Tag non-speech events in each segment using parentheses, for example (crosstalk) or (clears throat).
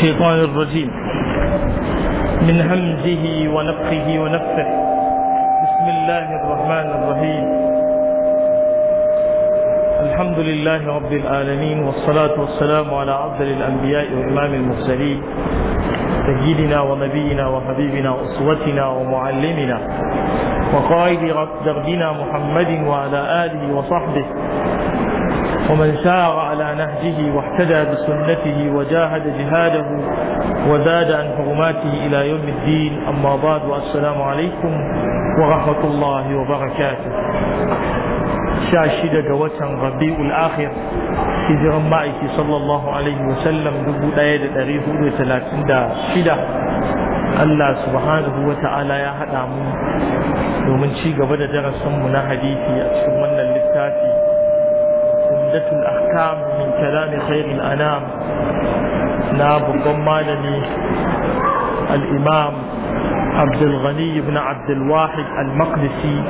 الشيطان الرجيم من همزه ونفخه ونفثه بسم الله الرحمن الرحيم الحمد لله رب العالمين والصلاة والسلام على عبد الأنبياء وإمام المرسلين سيدنا ونبينا وحبيبنا وأسوتنا ومعلمنا وقائد دربنا محمد وعلى آله وصحبه ومن سار نهجه واحتدى بسنته وجاهد جهاده وزاد عن حرماته إلى يوم الدين أما بعد والسلام عليكم ورحمة الله وبركاته شاشدة وتن ربيع الآخر hijiran ma'aiki sallallahu alaihi wasallam dubu ɗaya da ɗari hudu talatin da shida Allah subhanahu wa ta'ala ya haɗa mu domin ci gaba da mu na hadisi a cikin wannan littafi عمدة الأحكام من كلام خير الأنام ناب نعم، قمالني الإمام عبد الغني بن عبد الواحد المقدسي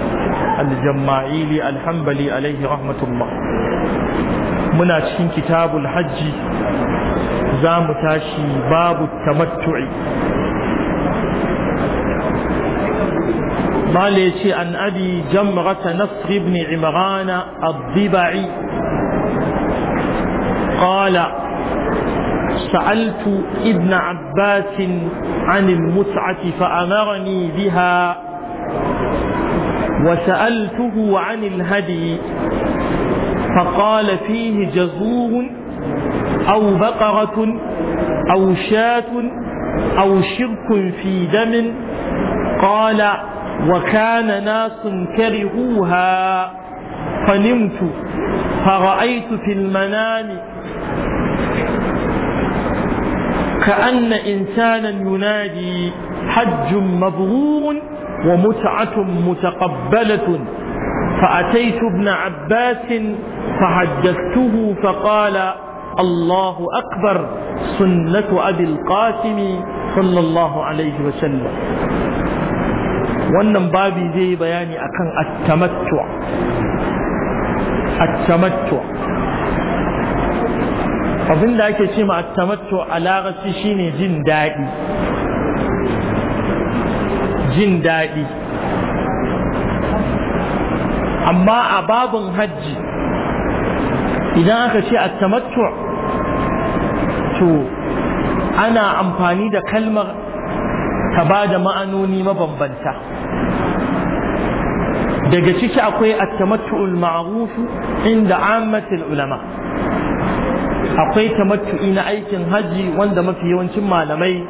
الجماعيلي الحنبلي عليه رحمة الله منا cikin كتاب الحج زام تاشي باب التمتع tamattu'i mala ya ce an abi jamrata nasr قال سألت ابن عباس عن المتعة فأمرني بها وسألته عن الهدي فقال فيه جزور أو بقرة أو شاة أو شرك في دم قال وكان ناس كرهوها فنمت فرأيت في المنام كأن إنسانا ينادي حج مبرور ومتعة متقبلة فأتيت ابن عباس فحدثته فقال الله أكبر سنة أبي القاسم صلى الله عليه وسلم wannan babi zai bayani akan at-tamattu abin da ake ce ma tamattu a larabci shine jin daɗi jin daɗi amma a babin hajji idan aka ce a tamattu to ana amfani da kalmar ta ba da ma'anoni mabambanta daga ciki akwai at-tamattu'ul inda ammatul ulama akwai tamattu'i na aikin haji wanda mafi yawancin malamai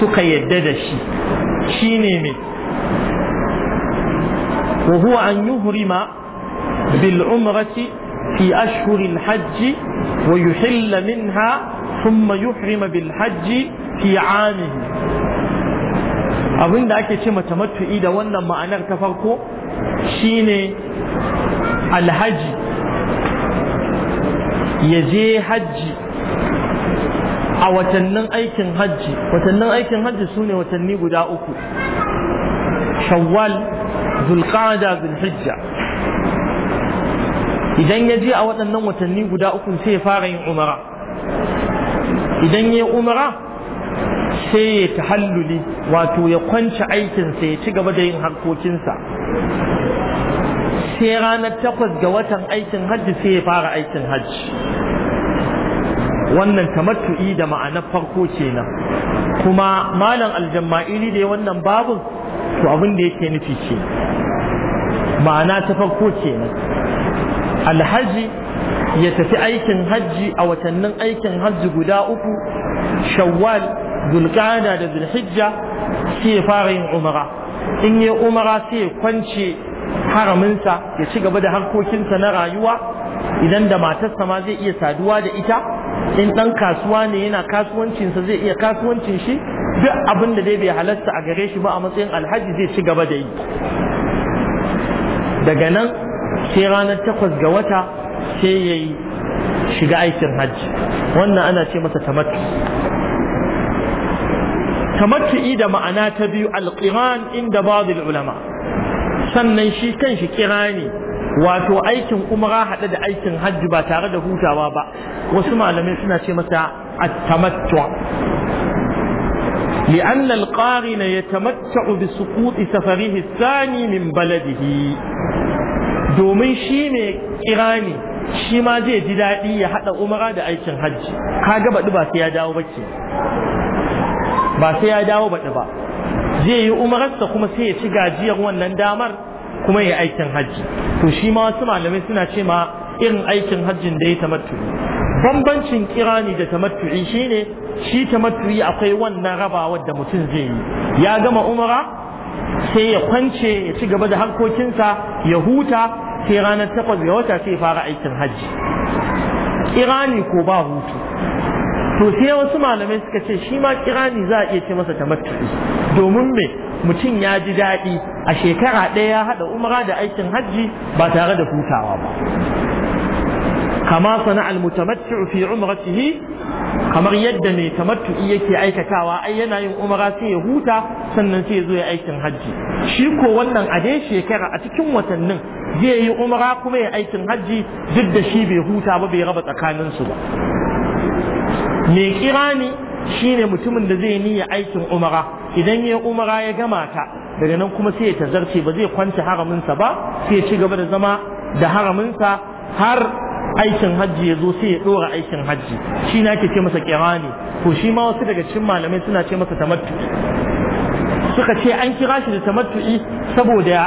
suka yadda da shi shine me wa huwa an yuhrima bil umrati fi ashhuril hajji wa yuhilla minha thumma yuhrima bil hajji fi amihi abinda ake ce tamattu'i da wannan ma'anar ta farko shine alhaji ya je hajji a watannin aikin hajji watannin aikin hajji su ne watanni guda uku shawwal zulqada zulhijja idan ya je a waɗannan watanni guda uku sai ya fara yin umara idan ya yi umara sai ya tahalluli wato ya kwanci aikinsa ya ci gaba da yin harkokinsa sai ranar takwas ga watan aikin hajji sai ya fara aikin hajji wannan tamattu'i da ma'anar farko kenan kuma malam aljamma'ili da wannan babun to abin da yake nufi ce ma'ana ta farko kenan alhaji ya tafi aikin hajji a watannin aikin hajji guda uku shawwal zulqa'ada da zulhijja sai ya fara yin umara in yi umara sai ya kwance haraminsa ya ci gaba da harkokinsa na rayuwa idan da matarsa ma zai iya saduwa da ita in ɗan kasuwa ne yana kasuwancinsa zai iya kasuwancin shi duk abin da dai bai halasta a gare shi ba a matsayin alhaji zai ci gaba da yi daga nan sai ranar takwas ga wata sai ya yi shiga aikin hajji wannan ana ce masa tamattu tamattu'i da ma'ana ta biyu alƙiran inda ba'd ulama sannan shi kan kanshi kirani wato aikin umara haɗe da aikin hajji ba tare da hutawa ba wasu malamai suna ce masa at-tamattu لأن القارن يتمتع بسقوط سفره الثاني من بلده domin shi mai kirani shi ma zai ji daɗi ya haɗa umara da aikin hajji ka ga baɗi ba sai ya dawo bacci ba sai ya dawo baɗi ba zai yi umararsa kuma sai ya ci gajiyar wannan damar kuma ya aikin hajji to shi ma wasu malamai suna ce ma irin aikin hajjin da ya tamattu bambancin kirani da tamattu'i shine shi tamattu'i akwai wannan rabawar da mutum zai yi ya gama umara sai ya kwance ya ci gaba da harkokinsa ya huta sai ranar takwas ya wata sai fara aikin hajji kirani ko ba hutu to sai wasu malamai suka ce shi ma kirani za a iya ce masa tamattu'i domin me mutum ya ji daɗi a shekara ɗaya ya haɗa umara da aikin hajji ba tare da hutawa ba kama sana almutamattu fi umratihi kamar yadda mai tamattu'i yake aikatawa ai yana yin umara sai ya huta sannan sai ya zo ya aikin hajji shi ko wannan a dai shekara a cikin watannin zai yi umara kuma ya aikin hajji duk da shi bai huta ba bai raba tsakaninsu ba mai kirani shine mutumin da zai niyya aikin umara idan ya umara ya gama ta daga nan kuma sai ya tazarce ba zai kwanta haraminsa ba sai ya ci gaba da zama da haraminsa har aikin hajji ya zo sai ya dora aikin hajji shi na ke ce masa kirani to shi ma wasu daga cikin malamai suna ce masa tamattu suka ce an kira shi da tamattu'i saboda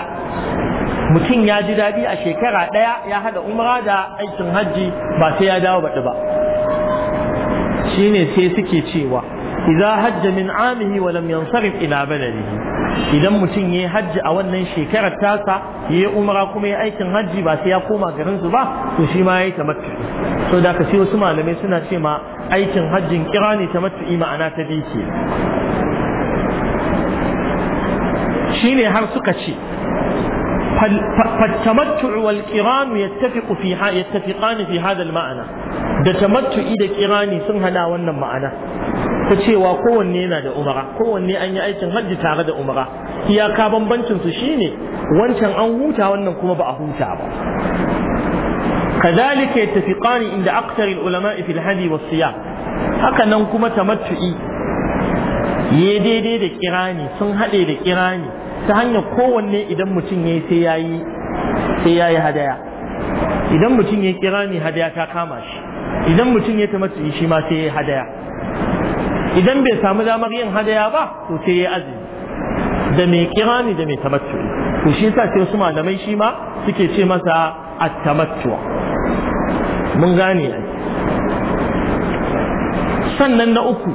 mutum ya ji daɗi a shekara ɗaya ya haɗa umara da aikin hajji ba sai ya dawo baɗi ba ne sai suke cewa iza hajja min amihi wa lam yansarif ila baladihi idan mutum yayi hajji a wannan shekarar tasa yayi umra kuma yayi aikin hajji ba sai ya koma garin su ba to shi ma yayi tamattu so da ka wasu malamai suna ce ma aikin hajjin kirani tamattu ma'ana ta dai ke shine har suka ce فالتمتع والقران يتفق في يتفقان في هذا المعنى ده تمتعي ده قراني سن هدا wannan ma'ana ta cewa kowanne yana da umara kowanne an yi aikin hajji tare da umara iyaka bambancin su shine wancan an huta wannan kuma ba a huta ba kadhalika yattafiqan inda akthar ulama fi al-hadi was siyam haka nan kuma tamattu'i ye daidai da kirani sun hade da kirani ta hanyar kowanne idan mutum yayi sai yayi sai yayi hadaya idan mutum ya kirani hadaya ta kama shi idan mutum ya tamattu'i shi ma sai yayi hadaya idan bai samu damar yin hadaya ba to sai ya azumi da mai kirani da mai tamattu to shi yasa sai su malamai shi ma suke ce masa at-tamattu mun gane sannan na uku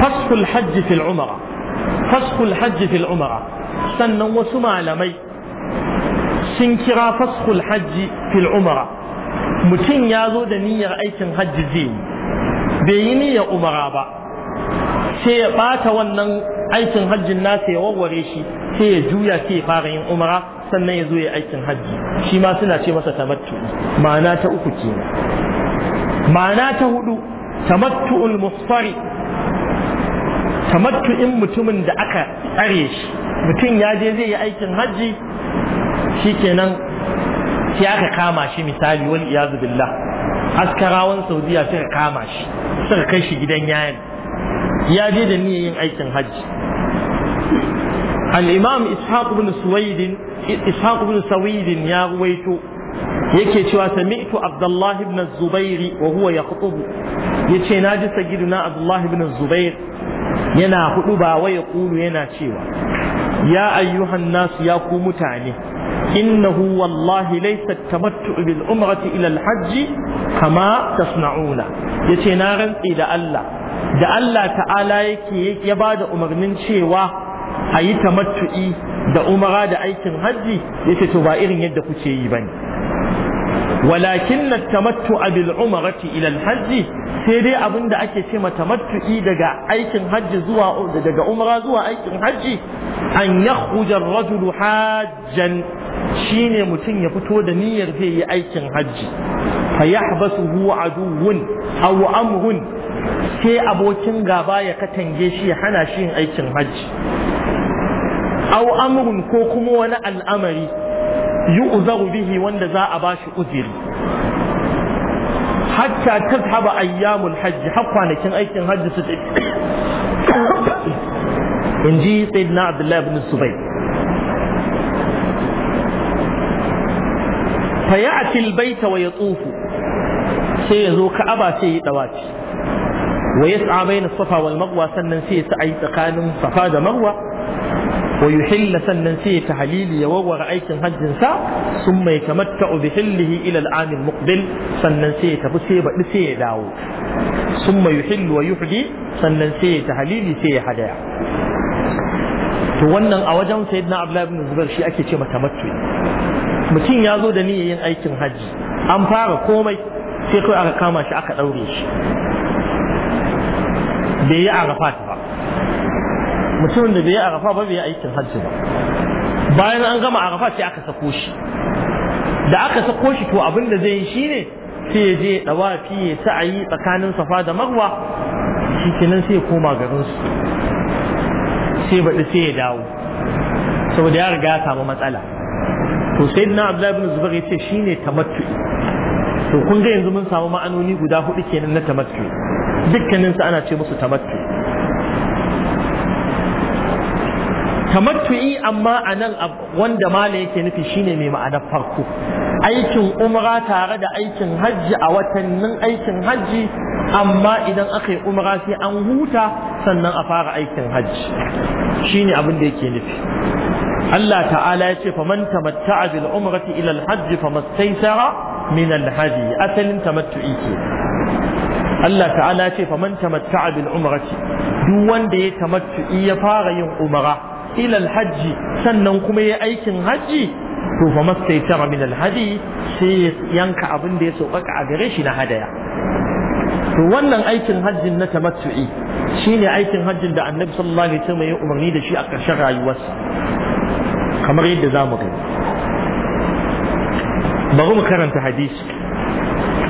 fasful hajji fil umra, fasful hajji fil umra, sannan wasu malamai sun kira fasful hajji fil umra, mutum ya zo da niyyar aikin hajji zai bai yi niyyar umara ba sai ya bata wannan aikin hajjin nasa ya warware shi sai ya juya sai ya fara yin umara sannan ya zo ya aikin hajji shi ma suna ce masa tamattu ma'ana ta uku ce ma'ana ta hudu tamattu'ul musfari tamattu'in mutumin da aka tsare shi mutum ya je zai yi aikin hajji shikenan sai aka kama shi misali wal iyazu billah askarawan saudiya suka kama shi suka kai shi gidan yayin ya je da ya yin aikin hajji al-imam ishaq ibn suwaid ishaq ibn suwaid ya ruwaito yake cewa sami'tu abdullahi ibn zubair wa huwa yakhutubu yace naji sagiduna abdullahi ibn zubair yana hudu ba ya kulu yana cewa ya ayyuhan nasu ya ku mutane innahu wallahi laysa tamattu bil umrati ila al hajj kama tasna'una yace na rantsi da Allah da Allah ta'ala yake ya ba da umarnin cewa a yi tamattu'i da umara da aikin hajji ce to ba irin yadda kuke yi ba bane walakin na tamattu'a bil umarati ilal hajji sai dai abin da ake ce ma matu'i daga aikin hajji zuwa daga umara zuwa aikin hajji an ya hujar rajulu hajjan ne mutum ya fito da niyyar zai yi aikin hajji fa a duhun au amrun sai abokin gaba ya katange shi ya hana shi yin aikin hajji au amrun ko kuma wani al'amari yu'zaru bihi wanda za a bashi uziri hatta tazhaba ayyamul hajji har kwanakin aikin hajji su tafi (coughs) in ji sayyidina abdullahi ibn subai fa ya'ti al-bayta wa yatufu sai ya zo ka'aba sai ya dawaci wa yas'a bayna safa wal marwa sannan sai ya sa'i tsakanin safa da marwa wa yuhilla sannan sai ya tahlili ya warware aikin hajjin sa sun mai tamatta'u bi hillihi ila al-am al sannan sai ya tafi sai baɗi sai ya dawo sun mai wa sannan sai ya sai ya hadaya to wannan a wajen na abdullahi ibn zubair shi ake ce matamattu mutum ya zo da niyyar yin aikin hajji an fara komai sai kawai aka kama shi aka ɗaure shi bai yi arafat ba mutumin da bai yi arafa ba bai yi aikin hajji ba bayan an gama arafa sai aka sako shi da aka sako shi to abin da zai yi shine sai ya je fi ya sa'ayi tsakanin safa da marwa shi kenan sai ya koma garin su sai baɗi sai ya dawo saboda ya riga ya samu matsala to sai na abdullahi bin zubair ya ce shine tamattu to kun ga yanzu mun samu ma'anoni guda hudu kenan na tamattu dukkaninsu ana ce musu tamattu tamattu'i amma a nan wanda mala yake nufi shine mai ma'anar farko aikin umra tare da aikin hajji a watannin aikin hajji amma idan aka yi umra sai an huta sannan a fara aikin hajji shine abin da yake nufi Allah ta'ala ya ce faman tamatta'a bil umrati ila al hajj famastaysara min al asalin tamattu'i ke Allah ta'ala ce faman tamatta'a bil umrati duk wanda ya tamattu'i ya fara yin umara ila hajji sannan kuma ya aikin hajji to fa mastaitara min al hadi sai yanka abin da ya sauƙaƙa a gare shi na hadaya to wannan aikin hajjin na tamattu'i shine aikin hajjin da Annabi sallallahu alaihi wasallam ya umarni da shi a ƙarshen rayuwarsa kamar yadda zamu gani bari mu karanta hadisi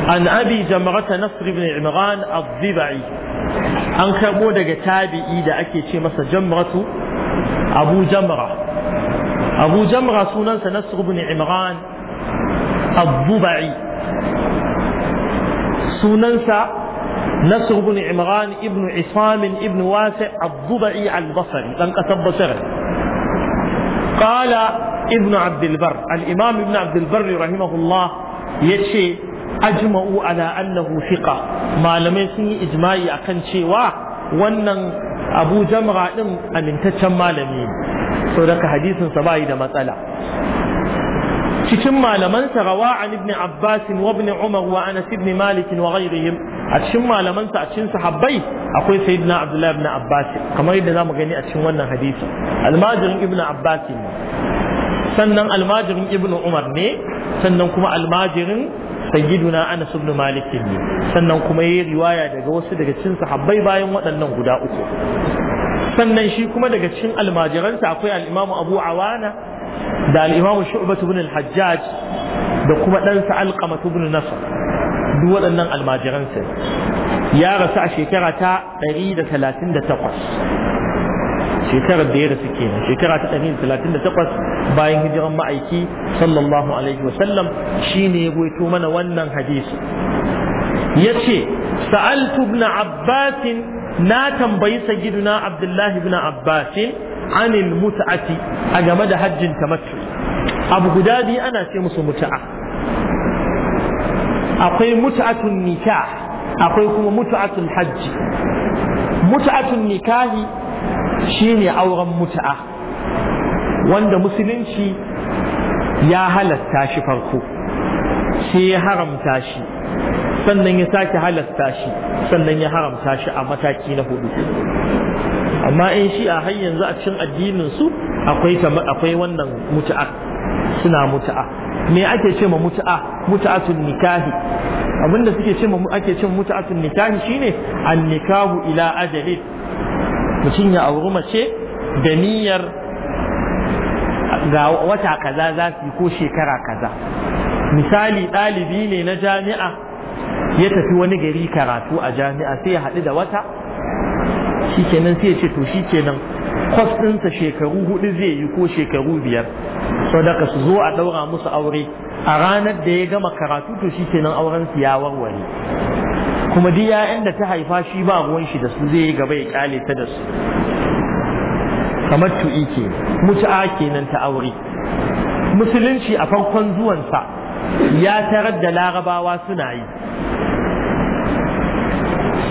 عن أبي جمرة نصر بن عمران الضبعي عن كمودة تابعي إذا أكي شيء مثل جمرة أبو جمرة أبو جمرة سننس نصر بن عمران الضبعي سننس نصر بن عمران ابن عصام ابن واسع الضبعي البصري لنك تبصر قال ابن عبد البر الإمام ابن عبد البر رحمه الله يشي ajma'u ala annahu fiqa malamai sun yi ijma'i akan cewa wannan abu jamra din amintaccen malami ne daga hadisin sa bai da matsala cikin malaman sa rawa an ibn abbas wa ibn umar wa anas ibn malik wa ghayrihim a cikin malaman sa a cikin sahabbai akwai sayyidina Abdullahi ibn abbas kamar yadda zamu gani a cikin wannan hadisi almajirin ibn abbas sannan almajirin ibn umar ne sannan kuma almajirin sayyiduna Anas ibn Malik ne sannan kuma yayi riwaya daga wasu daga cikin sahabbai bayan waɗannan guda uku sannan shi kuma daga cikin almajiransa akwai al Abu Awana da al-Imam Shu'bah ibn al-Hajjaj da kuma ɗansa Alqamah ibn Nasr duk waɗannan almajiransa ya rasu a shekara ta 138 shekarar da ya rasu kenan shekara ta 138 bayan hijiran ma'aiki sallallahu alaihi sallam shine ya goyito mana wannan hadisi yace sa'altu ibn abbas na tambayi sayyiduna abdullahi ibn abbas anil mut'ati a game da hajjin tamattu abu guda biyu ana ce musu mut'a akwai mut'atun nikah akwai kuma mut'atul hajji mut'atun nikahi shine auren mutu'a wanda musulunci ya halasta shi farko sai ya haramta shi sannan ya sake halasta shi sannan ya haramta shi a mataki na hudu amma in shi a har yanzu a cikin addinin su akwai akwai wannan muta'a suna mutu'a me ake ce ma mutu'a mutu'atun nikahi abinda suke ce ma ake ce muta'atun nikahi shine an nikahu ila ajalin mutum ya auri mace da niyyar ga wata kaza za su yi ko shekara kaza misali ɗalibi ne na jami'a ya tafi wani gari karatu a jami'a sai ya haɗu da wata shikenan sai ya ce to shikenan kwas ɗinsa shekaru hudu zai yi ko shekaru biyar sau daga su zo a ɗaura musu aure a ranar da ya gama karatu to shikenan auren su ya warware kuma duk ya'yan da ta haifa shi ba ruwan shi da su zai yi gaba ya kyale ta da su kamar tu'i ke mutu'a kenan ta aure musulunci a farkon zuwansa ya tarar da larabawa suna yi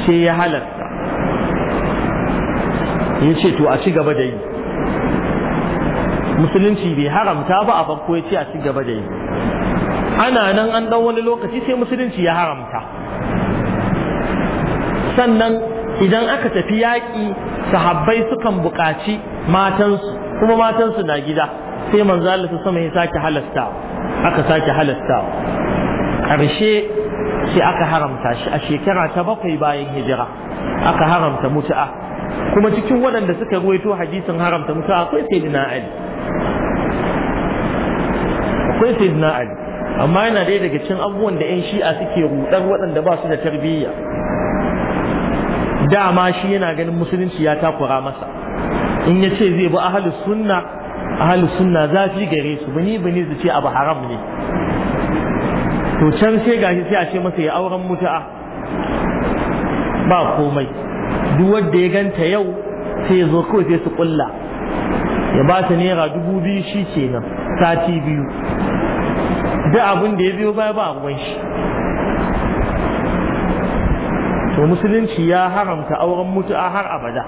sai ya halarta ya ce to a ci gaba da yi musulunci bai haramta ba a farko ya ce a ci gaba da yi ana nan an dan wani lokaci sai musulunci ya haramta sannan idan aka tafi yaƙi sahabbai sukan buƙaci matansu kuma matansu na gida sai manzo Allah ta sama ya sake halasta aka sake halasta ƙarshe sai aka haramta shi a shekara ta bakwai bayan hijira aka haramta mutu'a kuma cikin waɗanda suka ruwaito hadisin haramta mutu'a akwai sayyidina Ali akwai sayyidina Ali amma yana daya daga cikin abubuwan da 'yan shi'a suke rudar waɗanda ba su da tarbiyya dama shi yana ganin musulunci ya takura masa in ya ce zai bi ahalus sunna ahalus sunna zafi gare su bini bini su ce abu haram ne to can sai gashi sai a ce masa ya auren mutu'a ba komai duk wanda ya ganta yau sai ya zo kawai sai su kulla ya ba ta naira dubu biyu shi kenan sati biyu duk abin da ya biyo baya ba a shi to musulunci ya haramta auren mutu'a har abada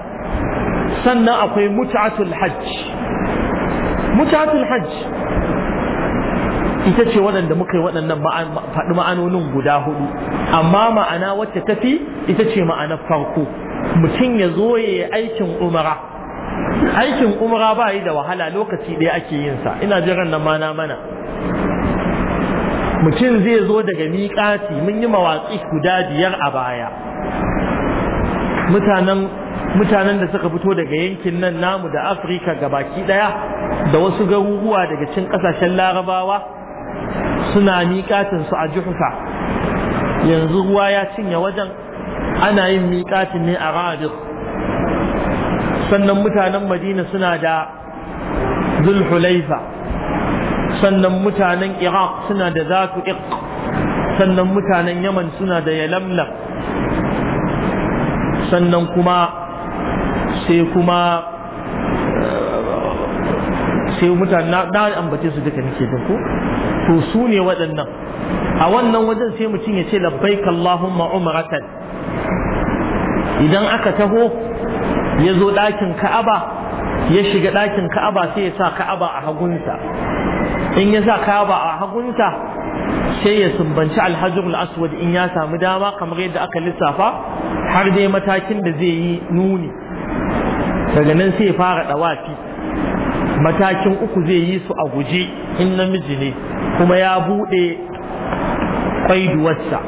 sannan akwai mut'atul hajj mut'atul hajj ita ce waɗanda muka yi waɗannan faɗi ma'anonin guda hudu amma ma'ana wacce tafi ita ce ma'anar farko mutum ya zo ya yi aikin umara aikin umara ba yi da wahala lokaci ɗaya ake yin sa ina jiran nan mana mana mutum zai zo daga miƙati mun yi mawaƙi guda biyar a baya mutanen mutanen da suka fito daga yankin nan namu da afirka gabaki daya da wasu garuruwa daga cin kasashen larabawa suna miƙatin su a juhufa yanzu ruwa ya cinye wajen ana yin miƙatin ne a rabir sannan mutanen madina suna da zulhulaifa sannan mutanen iraq suna da zatu sannan mutanen yaman suna da yalamlam sannan kuma sai kuma sai mutane na ambace su duka nake da ku. to su ne waɗannan a wannan wajen sai mutum ya ce labbaik Allahumma umratan idan aka taho ya zo ɗakin Ka'aba ya shiga ɗakin Ka'aba sai ya sa Ka'aba a hagunsa in ya sa Ka'aba a hagunsa sai ya sumbanci alhajrul aswad in ya samu dama kamar yadda aka lissafa har dai matakin da zai yi nuni daga nan sai ya fara dawafi matakin uku zai yi su a guje in namiji ne kuma ya bude kwaiduwarsa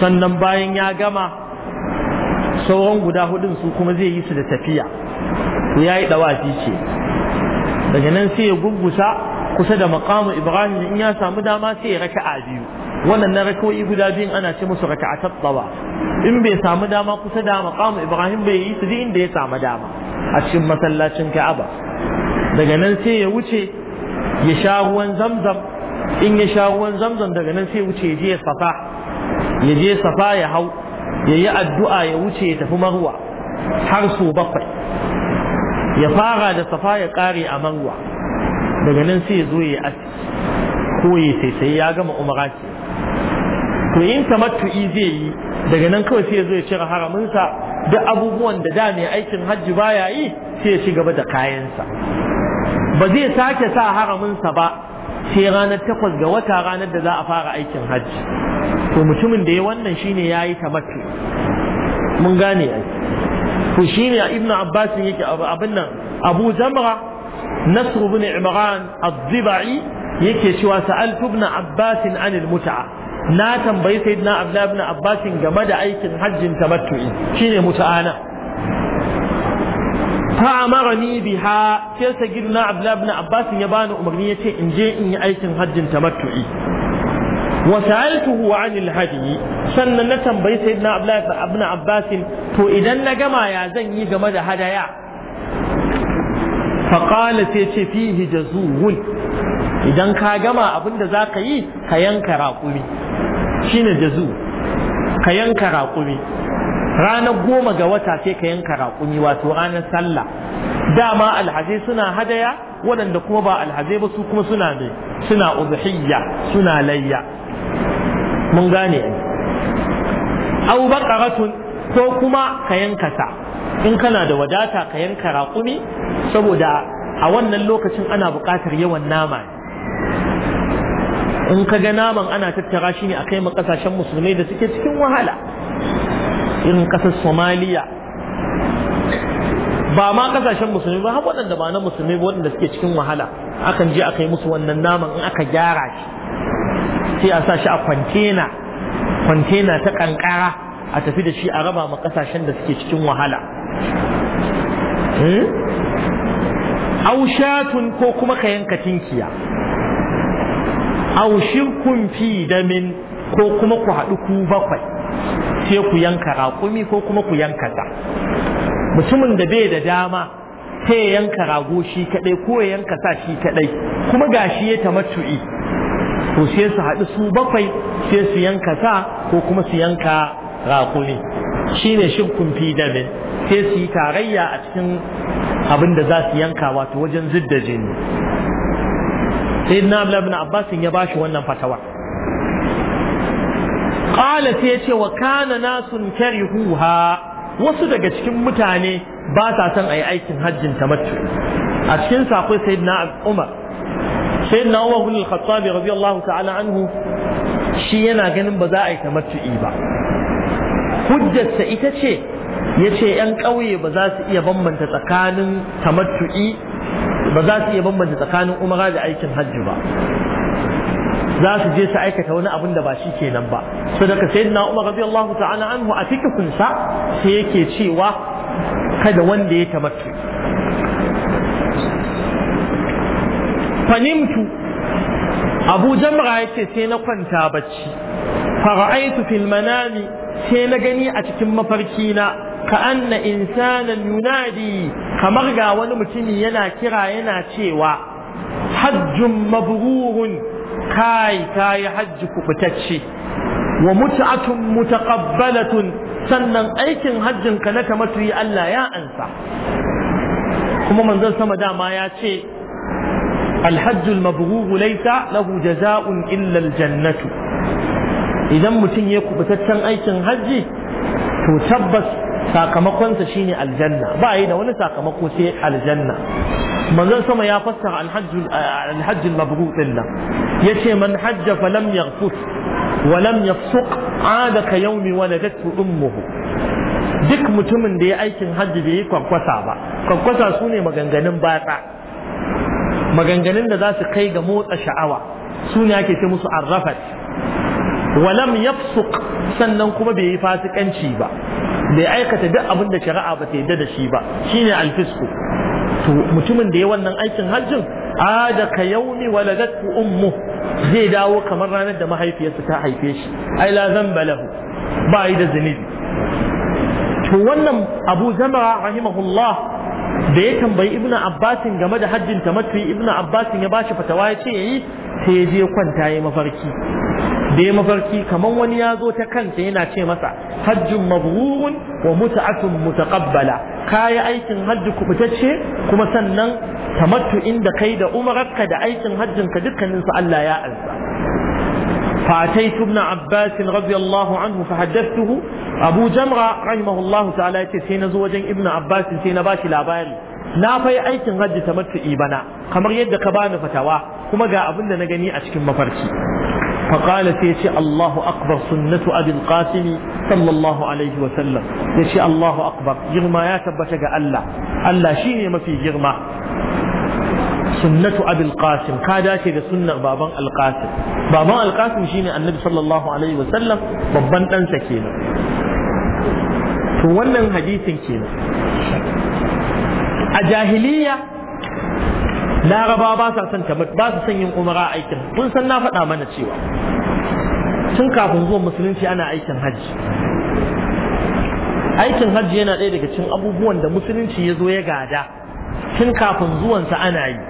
sannan bayan ya gama sauran guda hudun su kuma zai yi su da tafiya ya yi dawafi ce daga nan sai ya guggusa kusa da maqamu ibrahim in ya samu dama sai ya raka'a biyu wannan na raka'o'i guda biyun ana ce musu raka'atat tawa in bai samu dama kusa da maqamu ibrahim bai yi su inda ya samu dama a cikin masallacin ka'aba daga nan sai ya wuce ya sha ruwan zamzam in ya sha ruwan zamzam daga nan sai ya wuce ya je safa ya je safa ya hau ya yi addu'a ya wuce ya tafi marwa har su bakwai ya fara da safa ya kare a marwa daga nan sai ya zo ya aski ko ya sai ya gama umara ke to yin tamattu'i zai yi daga nan kawai sai ya zo ya cire haraminsa da abubuwan da da mai aikin hajji baya yi sai ya ci gaba da kayansa ba zai sake sa haraminsa ba sai ranar takwas ga wata ranar da za a fara aikin hajji to mutumin da ya wannan shine ya yi tamattu mun gane ai to shine ibnu abbas yake abin nan abu zamra nasr bin imran az-zibai yake cewa sa'altu ibn abbas an al-mut'a na tambayi sayyidina abdullah ibn abbas game da aikin hajjin tamattu'i shine mut'ana fa amarani biha sai sayyidina abdullah ibn abbas ya bani umarni yace in je in yi aikin hajjin tamattu'i na tambayi الهدي سنة نتنبي سيدنا to idan na gama ya zan yi game da hadaya? faƙala sai ce fihi da idan ka gama abin da za ka yi ka yanka raƙumi shi ne da zu ka yanka raƙumi ranar goma ga wata sai ka yanka raƙumi wato ranar sallah dama alhazai suna hadaya waɗanda kuma ba alhazai ba su kuma suna ne suna uzhiyya suna layya mun gane au baqaratun ko kuma ka yanka sa in kana da wadata ka yanka raƙumi saboda a wannan lokacin ana buƙatar yawan nama in ka ga naman ana tattara shi ne a kai ƙasashen musulmai da suke cikin wahala irin ƙasar somaliya ba ma ƙasashen musulmi ba har waɗanda ba na musulmi ba waɗanda suke cikin wahala akan je a kai musu wannan naman in aka gyara shi sai a sa shi a kwantena kwantena ta ƙanƙara a tafi da shi a raba ma ƙasashen da suke cikin wahala hmm? aushatun ko kuma ka yanka tinkiya aw shirkun fi damin ko kuma ku haɗu ku bakwai sai ku yanka raƙumi ko kuma ku yanka ta mutumin da bai da dama sai ya yanka rago shi kaɗai ko ya yanka sa shi kaɗai kuma gashi ya tamattu'i to sai su haɗu su bakwai sai su yanka sa ko kuma su yanka raƙumi shine shirkun fi damin sai su yi tarayya a cikin abinda za su yanka wato wajen zidda jini sayyidina abdullahi ibn abbas ya bashi wannan fatawa qala sai ya ce wa kana nasun karihuha wasu daga cikin mutane ba sa son ayi aikin hajjin tamattu a cikin akwai sayyidina umar sayyidina umar ibn al-khattab radiyallahu ta'ala anhu shi yana ganin ba za a yi tamattu'i ba hujjarsa ita ce ya ce 'yan ƙauye ba za su iya bambanta tsakanin tamattu'i ba za su iya bambanta tsakanin umara da aikin hajji ba za su je su aikata wani abin da ba shi kenan ba so daga sayyidina umar radiyallahu ta'ala anhu a fikihun sai yake cewa kada wanda ya tamattu fanimtu abu jamra yace sai na kwanta bacci fara'aitu fil manami sai na gani a cikin mafarki na ka anna insanan yunadi kamar ga wani mutumi yana kira yana cewa hajjun mabrurun kai kai hajji kubutacce wa mut'atun mutaqabbalatun sannan aikin hajjin ka na tamattuyi Allah ya ansa kuma manzon sama dama ya ce الحج المبرور ليس له جزاء إلا الجنة إذا متن يكو بتتن أيتن حجي to tabbas sakamakonsa shine aljanna ba yi da wani sakamako sai aljanna manzon sama ya fassara alhajj al-mabrur din yace man hajja falam yaghfus wa lam yafsuq ada ka yawmi waladatu ummuhu duk mutumin da ya aikin hajji bai yi kwankwasa ba kwankwasa sune maganganun bata, maganganun da za su kai ga motsa sha'awa sune ake ce musu arrafat wa lam yafsuq sannan kuma bai yi fasikanci ba bai aikata duk abin da shari'a ba ta yadda da shi ba shine alfisku to mutumin da ya wannan aikin hajjin ada ka yaumi waladatu ummu zai dawo kamar ranar da mahaifiyarsa ta haife shi ai la zamba lahu ba yi da zunubi to wannan abu zama rahimahullah da ya tambayi ibnu abbasin game da hajjin tamattu ibnu abbasin ya bashi fatawa ya ce yayi sai ya je kwanta yayi mafarki da mafarki kamar wani ya zo ta kansa yana ce masa hajjin mabrurun wa mut'atun mutaqabbala kayi aikin hajji kubutacce kuma sannan ta tamattu'in da kai da umararka da aikin hajjin ka dukkanin Allah ya ansa فأتيت ابن عباس رضي الله عنه فحدثته أبو جمرة رحمه الله تعالى سين زوجين ابن عباس سين باشي لاباري na fai aikin hajji ta matu'i bana kamar yadda ka bani fatawa kuma ga abin da na gani a cikin mafarki فقال سيشي الله أكبر سنة أبي القاسم صلى الله عليه وسلم يشي الله أكبر جرما يا تبتك ألا ألا شيني ما في جرما sunnatu abul qasim ka dace da sunnar baban alqasim baban alqasim shine annabi sallallahu alaihi wa sallam babban ɗansa kenan to wannan hadisin kenan a jahiliya laraba ba sa son ta ba su son yin umara aikin kun san na faɗa mana cewa tun kafin zuwan musulunci ana aikin hajji aikin hajji yana ɗaya daga cikin abubuwan da musulunci ya zo ya gada tun kafin zuwansa ana yi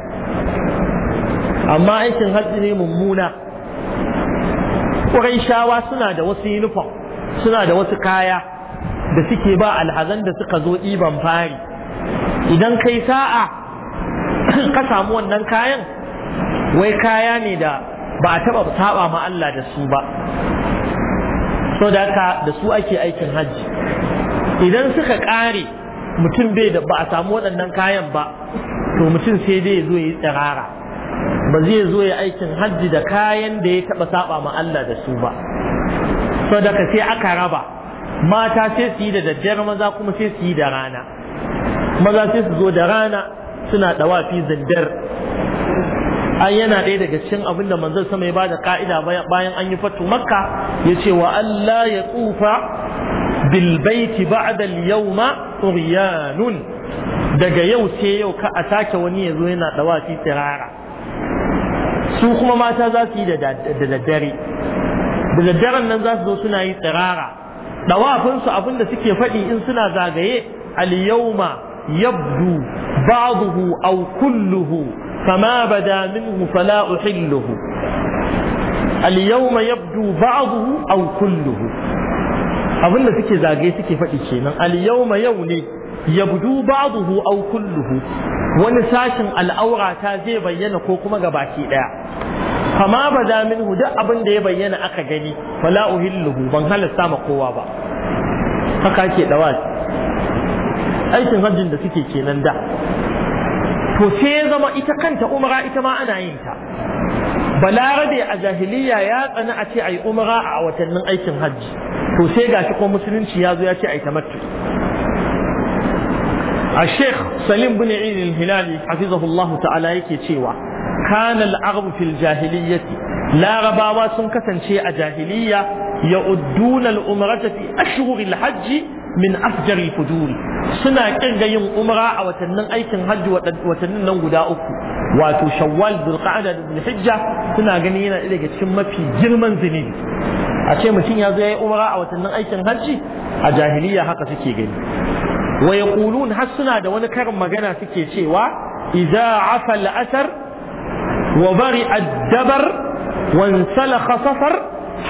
amma aikin hajji ne mummuna shawa suna da wasu yunifom suna da wasu kaya da suke ba alhazan da suka zo ɗiban fari idan kai sa'a ka samu wannan kayan wai kaya ne da ba a taba saba ma Allah da su ba so da ka da su ake aikin hajji idan suka kare mutum bai da ba a samu waɗannan kayan ba to mutum sai dai zo yi tsirara ba zai zo ya aikin hajji da kayan da ya taba saba ma Allah da su ba so da ka sai aka raba mata sai su yi da daddare maza kuma sai su yi da rana maza sai su zo da rana suna dawafi zaddar ai yana ɗaya daga cikin abin da manzon sama ya bada ka'ida bayan an yi fatu makka ya ce wa Allah ya tsufa bil baiti ba'da al yawma daga yau ce yau ka a sake wani ya zo yana dawafi tsirara su kuma mata za su yi da daddare da daddaren nan za su zo suna yi tsirara dawafinsu abin da suke faɗi in suna zagaye al yawma يبدو بعضه أو كله فما بدا منه فلا أحله اليوم يبدو بعضه أو كله abin da suke zagaye suke faɗi kenan al-yawma yau ne yabdu ba'dahu aw kulluhu wani sashin al'aurata zai bayyana ko kuma ga ɗaya? daya kama bada minhu duk abin da ya bayyana aka gani fala uhilluhu ban halasta ma kowa ba haka ke dawaci aikin hajjin da suke kenan da to sai zama ita kanta umara ita ma ana yin ta balarabe a jahiliya ya tsana a ce a yi umara a watannin aikin hajji to sai gashi ko musulunci ya zo ya ce a yi tamattu a sheikh salim bin ilil hilali hafizahullahu ta'ala yake cewa kana al'arabu fil jahiliyyati larabawa sun kasance a jahiliya ya udduna al'umarata fi ashhuril hajji min afjari fujuri suna kirga yin umra a watannin aikin hajji watannin nan guda uku wato shawwal zulqa'ada da zulhijja suna gani yana daga cikin mafi girman zunubi a ce mutum ya zo ya yi umra a watannin aikin hajji a jahiliya haka suke gani wa yaqulun har suna da wani karin magana suke cewa idza afa al-athar wa bari ad-dabar wa insalakha safar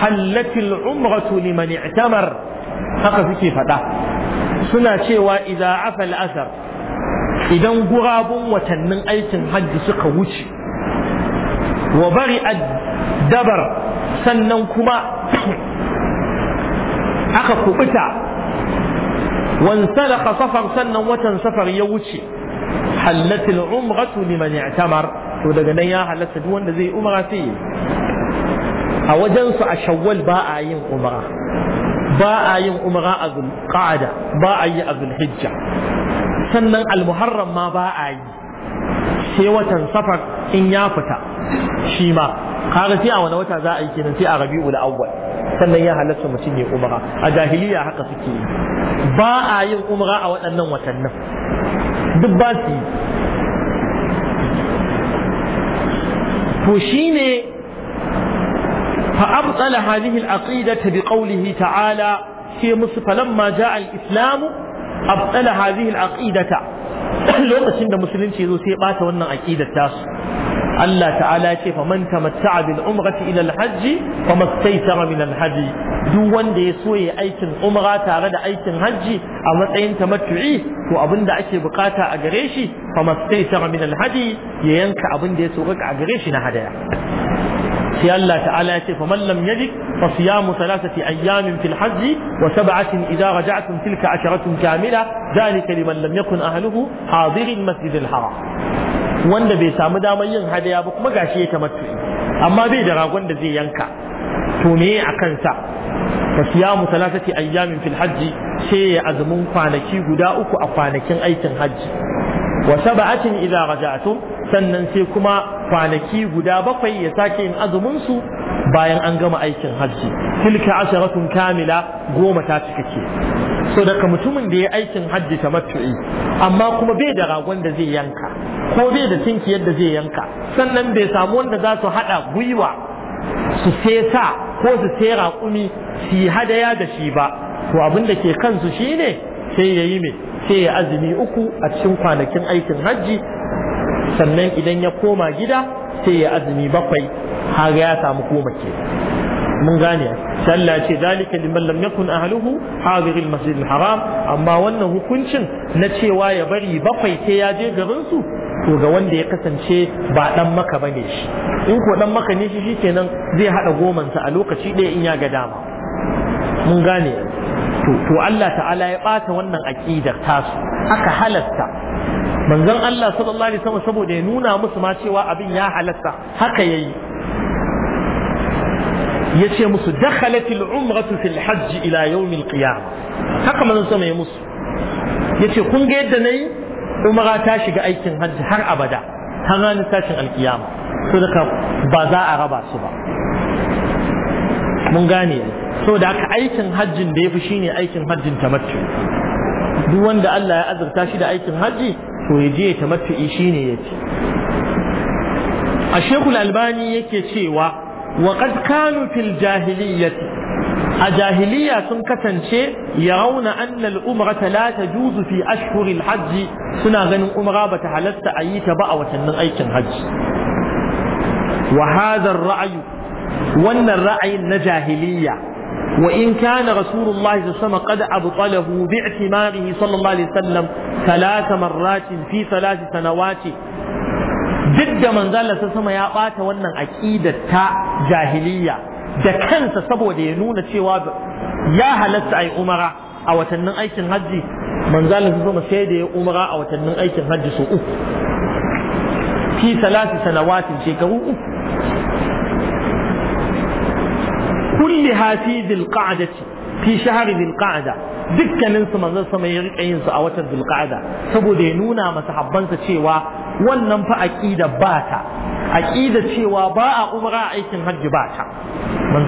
حلت العمرة لمن haka suke faɗa suna cewa idan afa al idan gurabun watannin aikin hajji suka wuce wa bari dabar sannan kuma (clears throat) aka kubuta wansalaka safar sannan watan safar ya wuce hallatul umratu liman i'tamar to daga nan ya halatta duk wanda zai umara sai a wajen su a shawwal ba a yin umra ba a yin umara a zulqa'ada ba a yi a zulhijja sannan almuharram ma ba a yi sai watan safar in ya fita shi ma kaga sai a wani wata za a yi kenan sai a rabi'ul awwal sannan ya halatta mutum ya umara a jahiliya haka suke yi ba a yin umara a waɗannan watannin duk ba su yi to shine فأبطل هذه العقيدة بقوله تعالى في مصر فلما جاء الإسلام أبطل هذه العقيدة musulunci (coughs) عند مسلم شيء سيبات وانا عقيدة تاس الله تعالى ce faman tamatta'a bil umrati ila al-hajj fama istaytara min al duk wanda ya so ya aikin umra tare da aikin hajji a matsayin tamattu'i to abinda ake bukata a gare shi fama istaytara min ya yanka da ya so a gare shi na hadaya sai Allah ta'ala ya ce fa man lam yajid fa siyamu thalathati ayyamin fil hajj wa sab'atin idza raja'tum tilka asharatun kamila dhalika liman lam yakun ahluhu hadirin masjidil haram wanda bai samu damar yin hadaya ba kuma gashi ya tamattu amma bai da ragon da zai yanka to me a kansa fa siyamu thalathati ayyamin fil hajj sai ya azumin kwanaki guda uku a kwanakin aikin hajji wa sab'atin idza raja'tum sannan sai kuma kwanaki guda bakwai ya sake yin azumin su bayan an gama aikin hajji tilka asharatun kamila goma ta cika ke so daga mutumin da ya aikin hajji ta matu'i amma kuma bai da ragon da zai yanka ko bai da tinki yadda zai yanka sannan bai samu wanda za su haɗa gwiwa su sesa ko su sai raƙumi su yi hadaya da shi ba to abin da ke kansu shine sai ya yi mai sai ya azumi uku a cikin kwanakin aikin hajji sannan idan ya koma gida sai ya azumi bakwai har ya samu koma ke mun gane sallah ce zalika liman lam yakun ahluhu hadir al-masjid haram amma wannan hukuncin na cewa ya bari bakwai sai ya je garin su to ga wanda ya kasance ba dan maka bane shi in ko dan maka ne shi shikenan zai hada goman sa a lokaci ɗaya in ya ga dama mun gane to Allah ta'ala ya ɓata wannan aƙidar tasu aka halasta manzon Allah sallallahu alaihi wasallam saboda ya nuna musu ma cewa abin ya halasta haka yayi yace musu dakhalatil umratu fil hajj ila yawmil qiyamah haka manzon sama ya musu yace kun ga yadda nayi umra ta shiga aikin hajji har abada har ranar tashin alkiyama to daga ba za a raba su ba mun gane da haka aikin hajjin da yafi shine aikin hajjin tamattu duk wanda Allah ya azurta shi da aikin hajji to ya je tamattu shine ce. a shekul albani yake cewa wa qad kanu fil jahiliyyati a jahiliya sun kasance ya rauna Annar umrata la juzu fi ashhuril hajji suna ganin umra bata halatta a yi ta ba a watannin aikin hajji wa hadha ar-ra'yu wannan ra'ayin na jahiliya wa in kana rasulullahi sallallahu alaihi wasallam qad abtalahu bi'timarihi sallallahu alaihi wasallam thalatha marratin fi thalathi sanawati duk da manzala ta sama ya bata wannan aqidar ta jahiliya da kansa saboda ya nuna cewa ya halatta ai umara a watannin aikin hajji manzala ta sama sai da ya umara a watannin aikin hajji su uku fi salati sanawatin shekaru uku kulliha fi dhil qa'dati fi shahr dhil qa'da dukkanin su manzon yin su a watan dhil saboda ya nuna masa habbansa cewa wannan fa aqida ba ta cewa ba a umra aikin hajji bata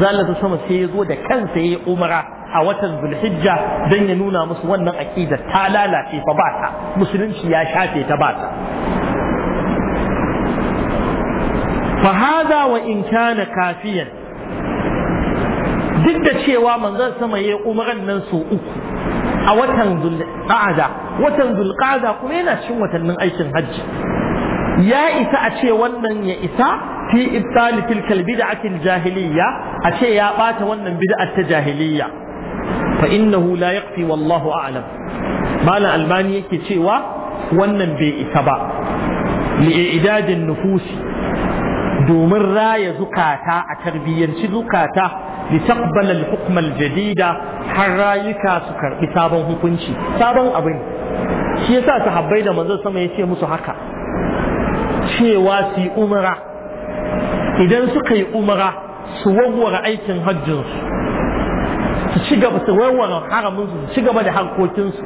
ta sama sai ya zo da kansa ya yayi umra a watan zulhijja dan ya nuna musu wannan aƙidar ta lalace fa ba musulunci ya shafe ta bata. ta fa hada wa in kafiyan duk da cewa manzon sama ya umaran nan su uku a watan zulqa'ada watan zulqa'ada kuma yana cikin watannin aikin hajji ya isa a ce wannan ya isa fi ibtali da bid'atil jahiliyya a ce ya bata wannan bid'at ta jahiliya. fa innahu la yaqfi wallahu a'lam malam albani yake cewa wannan bai isa ba li idadin nufusi domin raya zukata a tarbiyyanci zukata لتقبل الحكم الجديد su karbi sabon hukunci sabon abin shi yasa sahabbai da manzon sama ya ce musu haka cewa su yi umara idan suka yi umara su wawware aikin hajjinsu su ci gaba su wawware haraminsu su ci gaba da harkokinsu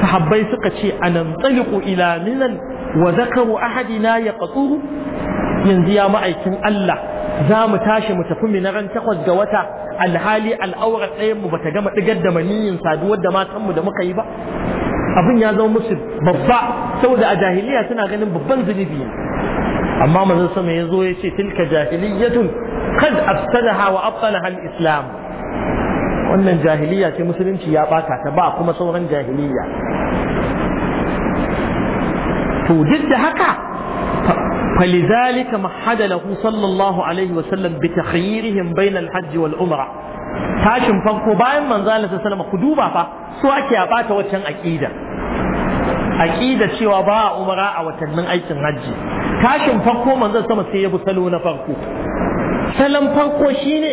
sahabbai suka ce anan tsaliku ila minan wa zakaru ahadina ya katsuru yanzu ya ma'aikin Allah za mu tashi mu tafi minaran ran takwas ga wata alhali al'aura ɗayan mu bata gama ɗigar da maniyin saduwar da matan mu da muka yi ba abin ya zama musu babba saboda a jahiliya suna ganin babban zunubi ne amma manzon sama ya zo ya ce tilka jahiliyatun kad afsadaha wa afsalaha al-islam wannan jahiliya ce musulunci ya baka ta ba kuma sauran jahiliya to duk da haka فلذلك مهد له صلى الله عليه وسلم بتخييرهم بين الحج والعمرة tashin farko bayan manzalin sa salama ku duba fa su ake a bata waccan aƙida aƙida cewa ba a umara a watannin aikin hajji tashin farko manzan sama sai ya bi salo na farko salon farko shine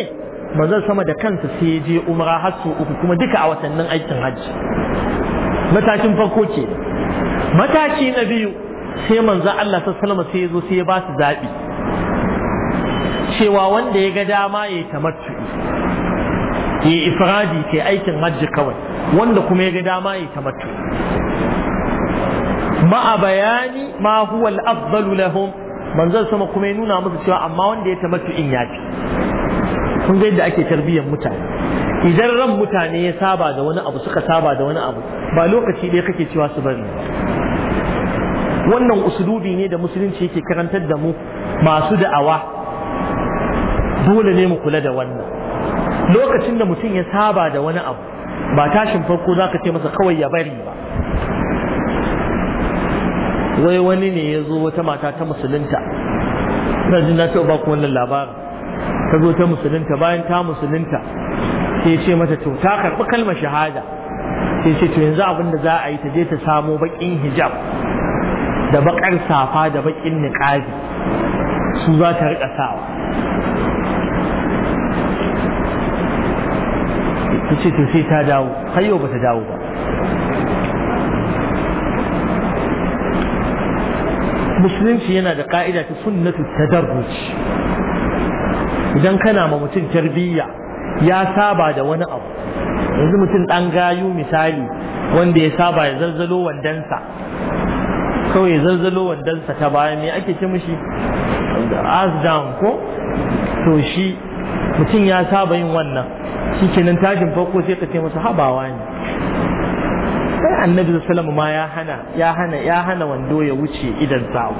manzan sama da kansa sai ya je umara har su uku kuma duka a watannin aikin hajji matashin farko ke mataki na biyu sai manzo Allah sallallahu sai ya zo sai ya ba su zaɓi. cewa wanda ya ga dama ya yi tamattu ya ifradi ke aikin hajji kawai wanda kuma ya ga dama ya yi tamattu ma'a bayani ma huwa al-afdalu lahum manzon sama kuma ya nuna musu cewa amma wanda ya tamattu in yafi kun ga yadda ake tarbiyyar mutane idan ran mutane ya saba da wani abu suka saba da wani abu ba lokaci ɗaya kake cewa su bari ba wannan usulubi ne da musulunci yake karantar da mu masu da'awa dole ne mu kula da wannan lokacin da mutum ya saba da wani abu ba tashin farko za ka ce masa kawai ya bari ba wai wani ne ya zo wata mata ta musulunta na ji na taɓa ku wannan labarin ta zo ta musulunta bayan ta musulunta sai ce mata to ta karɓi kalmar shahada sai ce to yanzu abin da za a yi ta je ta samo baƙin hijab da bakar safa da bakin niqabi su za ta rika sawa ta ce to sai ta dawo har yau ba ta dawo ba musulunci yana da ka'ida ta sunnatu tadarruj idan kana ma mutum tarbiyya ya saba da wani abu yanzu mutum ɗan gayu misali wanda ya saba ya zazzalo wandansa kawai zanzalo wadansa ta baya me ake ce mishi as ko to shi mutum ya saba yin wannan shi kenan tashin farko sai ka ce masa habawa ne sai annabi sallallahu ma ya hana ya hana ya hana wando ya wuce idan sawu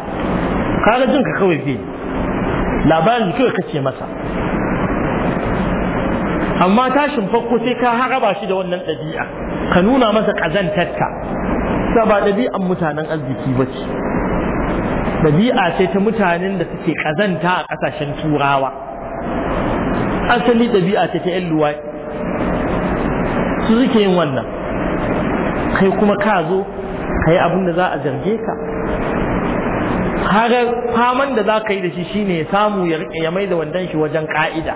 kaga jin ka kawai fi labarin kawai kace masa amma tashin farko sai ka haraba shi da wannan ɗabi'a ka nuna masa ƙazantarka Asa ba ɗabi'an mutanen arziki ba ce ɗabi'a ce ta mutanen da suke kazanta a ƙasashen turawa asali ɗabi'a ce ta 'yan luwaɗi su suke yin wannan kai kuma ka zo ka yi abin da za a zarge ka harar faman da za ka yi da shi shine ya samu ya rike ya mai da wandan shi wajen ka'ida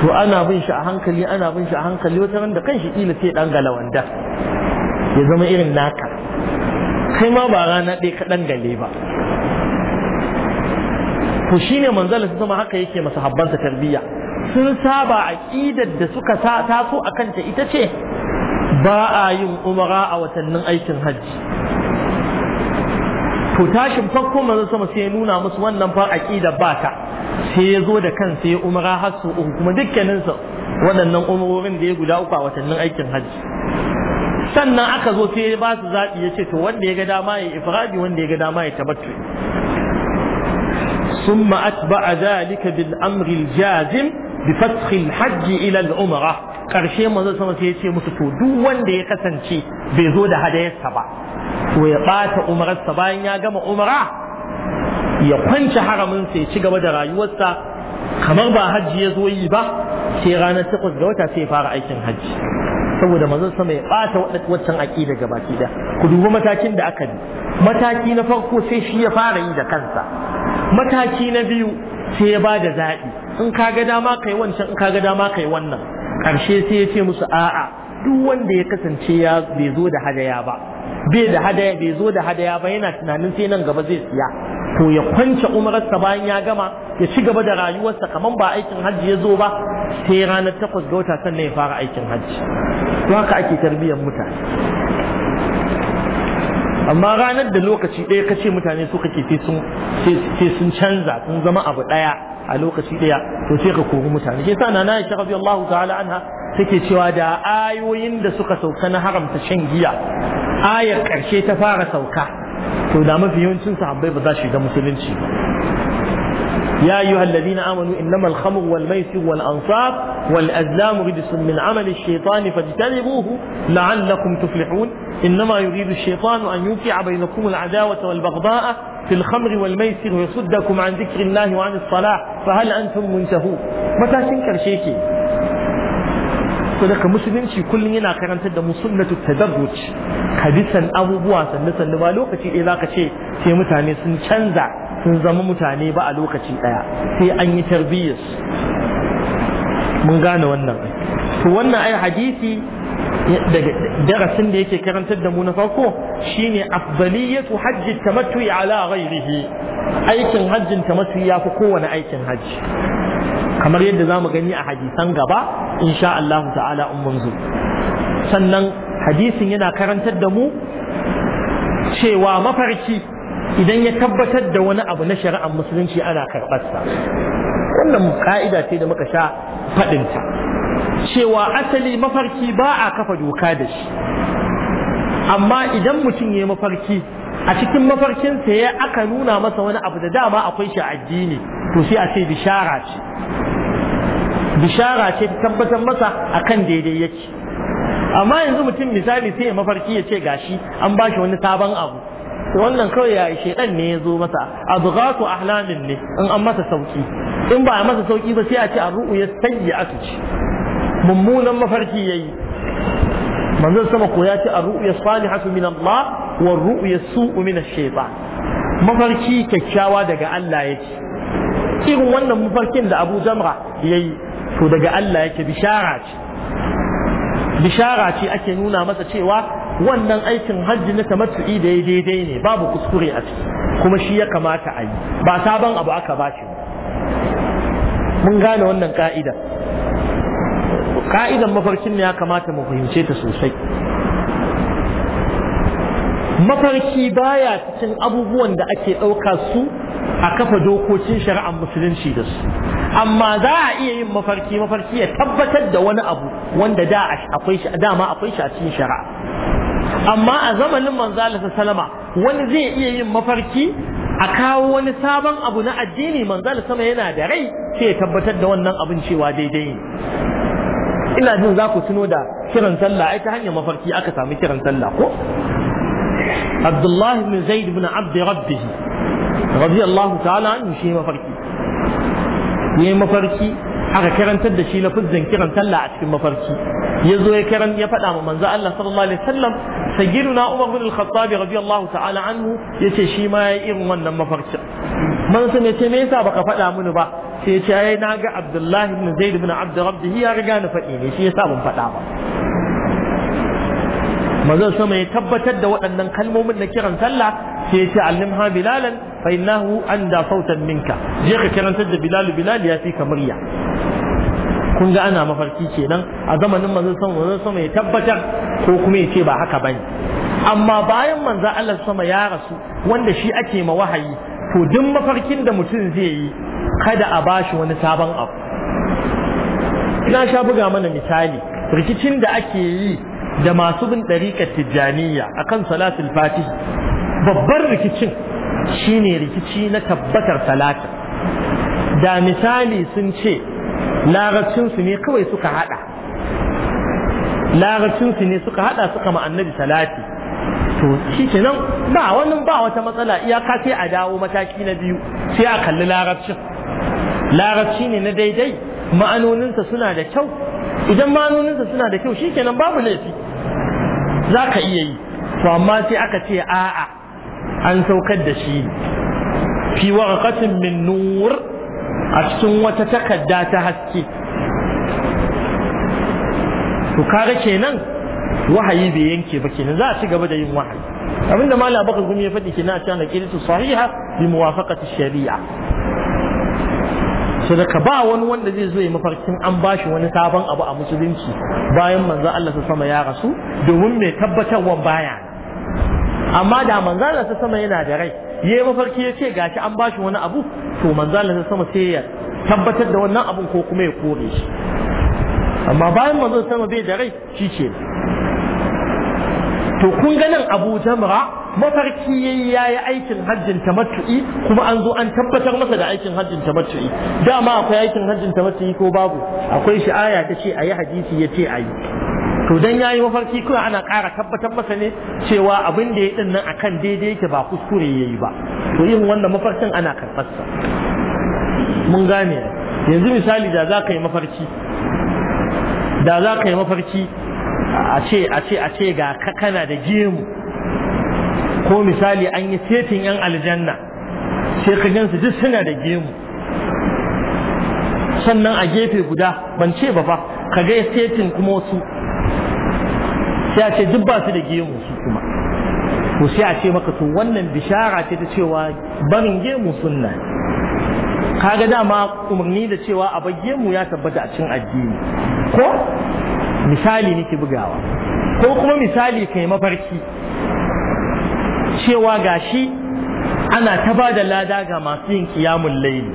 to ana bin shi a hankali ana bin shi a hankali wata randa da kan shi kila sai dan gala wanda ya zama irin naka kai ma ba rana ɗaya kaɗan gale ba to ne manzala su zama haka yake masa habbansa tarbiyya sun saba aƙidar da suka taso a kanta ita ce ba a yin umara a watannin aikin hajji to tashin farko manzo sama sai ya nuna musu wannan fa aqida ba ta sai ya zo da kansa ya umara har su kuma dukkanin waɗannan umarorin da ya guda uku a watannin aikin hajji sannan aka zo sai ya ba su zaɓi ya ce to wanda ya ga dama ya ifradi wanda ya ga dama ya tabattu ثم أتبع ذلك بالأمر الجازم بفتح الحج إلى العمرة Karshe manzo sama sai ya ce musu to duk wanda ya kasance bai zo da hadayarsa ba to ya ɓata umararsa bayan ya gama umara ya kwance haraminsa ya ci gaba da rayuwarsa kamar ba hajji ya zo yi ba sai ranar takwas ga wata sai ya fara aikin hajji saboda mazan sama ya bata waccan aqida daga baki da ku dubi matakin da aka bi mataki na farko sai shi ya fara yi da kansa mataki na biyu sai ya bada zaɓi in ka ga dama kai wancan in ka ga dama kai wannan karshe sai ya ce musu a'a duk wanda ya kasance ya bai zo da hadaya ba bai da hadaya bai zo da hadaya ba yana tunanin sai nan gaba zai siya to ya kwance umararsa bayan ya gama ya ci gaba da rayuwarsa kamar ba aikin hajji ya zo ba sai ranar takwas ga wata sannan ya fara aikin hajji to haka ake tarbiyyar mutane amma ranar da lokaci ɗaya kace mutane su kake sai sun canza sun zama abu ɗaya a lokaci ɗaya to sai ka kori mutane shi yasa nana Aisha radiyallahu ta'ala anha take cewa da ayoyin da suka sauka na haramta shan giya ayar ƙarshe ta fara sauka to da mafi yawancin sahabbai ba za su shiga musulunci ba ya ayu alladhina amanu innamal khamru wal maisir wal ansab wal azlam rijsun min amal ash-shaytan fajtanibuhu la'allakum tuflihun innama yuridu ash-shaytanu an yuqi'a bainakum al-adawata wal baghdha'a في الخمر والميسر ويصدكم عن ذكر الله وعن الصلاة فهل أنتم منتهون متى تنكر شيكي so daga musulunci kullum yana karantar da mu sunnatu tadarruj ka bi san abubuwa sannan sannan ba lokaci ɗaya zaka ce sai mutane sun canza sun zama mutane ba a lokaci ɗaya sai an yi tarbiyyar mun gane wannan to wannan ai hadisi darasin da yake karantar da mu na farko shine afdaliyatu hajji tamattu ala ghairihi aikin hajjin tamattu yafi kowane aikin hajji kamar yadda za mu gani a hadisan gaba insha Allah ta'ala in mun zo sannan hadisin yana karantar da mu cewa mafarki idan ya tabbatar da wani abu na shari'ar musulunci ana karɓarsa wannan ka'ida ce da muka sha faɗinta cewa asali mafarki ba a kafa doka da shi amma idan mutum ya mafarki a cikin mafarkinsa ya aka nuna masa wani abu da dama akwai shi addini to sai a ce bishara ce bishara ce ta tabbatar masa akan daidai yake amma yanzu mutum misali sai ya mafarki ya ce gashi an bashi wani sabon abu wannan kawai ya shaidan ne ya zo masa abghatu ahlamin ne in an masa sauki in ba a masa sauki ba sai a ce arru'u ya sayyi'atu ce mummunan mafarki yayi manzon sama ko ya ce a ruya salihatu min Allah wa ar su'u min ash-shaytan mafarki kyakkyawa daga Allah yake irin wannan mafarkin da Abu Zamra yayi to daga Allah yake bishara ce bishara ce ake nuna masa cewa wannan aikin hajji na tamattu'i da ya daidai ne babu kuskure a ciki kuma shi ya kamata a yi ba sabon abu aka ba shi mun gane wannan ka'ida ka'idan mafarkin ne ya kamata mu fahimce ta sosai mafarki baya cikin abubuwan da ake ɗauka su a kafa dokokin shari'ar musulunci da su amma za a iya yin mafarki mafarki ya tabbatar da wani abu wanda da dama akwai shi a cikin shari'a amma a zamanin manzo salama wani zai iya yin mafarki a kawo wani sabon abu na addini manzo sama yana da rai sai ya tabbatar da wannan abin cewa daidai ne ina jin za ku tuno da kiran sallah ai ta hanyar mafarki aka samu kiran sallah ko Abdullahi ibn Zaid ibn Abd Rabbih radiyallahu ta'ala anhu shi mafarki ne mafarki aka karantar da shi lafuzzan kiran sallah a cikin mafarki ya zo ya karan ya faɗa ma manzo Allah sallallahu alaihi wasallam sayyiduna Umar bin Al-Khattab radiyallahu ta'ala anhu yace shi ma ya irin wannan mafarkin manzo ne ce me yasa baka faɗa mini ba sai ce na ga abdullahi ibn zaid ibn abd rabbih ya riga na faɗi ne shi yasa ban faɗa ba manzon sama ya tabbatar da waɗannan kalmomin na kiran sallah sai ya ce allimha bilalan fa innahu anda sautan minka je ka kirantar da bilal bilal ya fi ka murya kun ga ana mafarki kenan a zamanin manzon sama manzon sama ya tabbatar ko kuma ya ce ba haka bane amma bayan manzo Allah sama ya rasu wanda shi ake ma wahayi to duk mafarkin da mutum zai yi kada a bashi wani sabon abu ina sha buga mana misali rikicin da ake yi da masu bin ɗariƙar tijjaniya akan salatul fatih babban rikicin shi ne rikici na tabbatar salata da misali sun ce larabcinsu ne kawai suka hada larabcinsu ne suka hada suka ma'annabi salati to shi nan ba wani ba wata matsala iyaka sai a dawo mataki na biyu sai a kalli larabcin larabci ne na daidai ma'anoninsa suna da kyau idan ma'anoninsa suna da kyau shikenan babu laifi za ka iya yi to amma sai aka ce a'a an saukar da shi fi warqatin min nur a cikin wata takarda ta haske to kaga kenan wahayi bai yanke ba kenan za a ci gaba da yin wahayi abinda malam abubakar gumi ya faɗi kenan a cikin aqidatu sahiha bi muwafaqati shari'a To daga ba wani wanda zai zo ya mafarkin an bashi wani sabon abu a musulunci bayan manzo Allah sama ya rasu domin mai tabbatarwan baya amma da manzo Allah sama yana da rai yayi mafarki ya ce gashi an bashi wani abu to manzo Allah sama sai ya tabbatar da wannan abun ko kuma ya kore shi amma bayan manzo sama bai da rai shi ce to kun ganin Abu Jamra mafarki ya yi yayi aikin hajjin tamattu'i kuma an zo an tabbatar masa da aikin hajjin tamattu'i dama akwai aikin hajjin tamattu'i ko babu akwai shi aya ta ce ayi hadisi ya ce ayi to dan yayi mafarki kuma ana kara tabbatar masa ne cewa abin da ya din nan akan daidai yake ba kuskure yayi ba to yin wannan mafarkin ana karɓar mun gane yanzu misali da za ka yi mafarki da za ka yi mafarki a ce a ce ga kakana da gemu ko misali an yi setin yan aljanna sai ka gansu duk suna da gemu sannan a gefe guda ban ce ba fa ka ga setin kuma wasu sai a ce duk ba su da gemu su kuma to sai a ce maka to wannan bishara ce ta cewa barin gemu sunna kaga dama umarni da cewa a bar gemu ya tabbata a cin addini ko misali nake bugawa ko kuma misali kai mafarki cewa gashi ana ta ba da lada ga masu yin kiyamun laili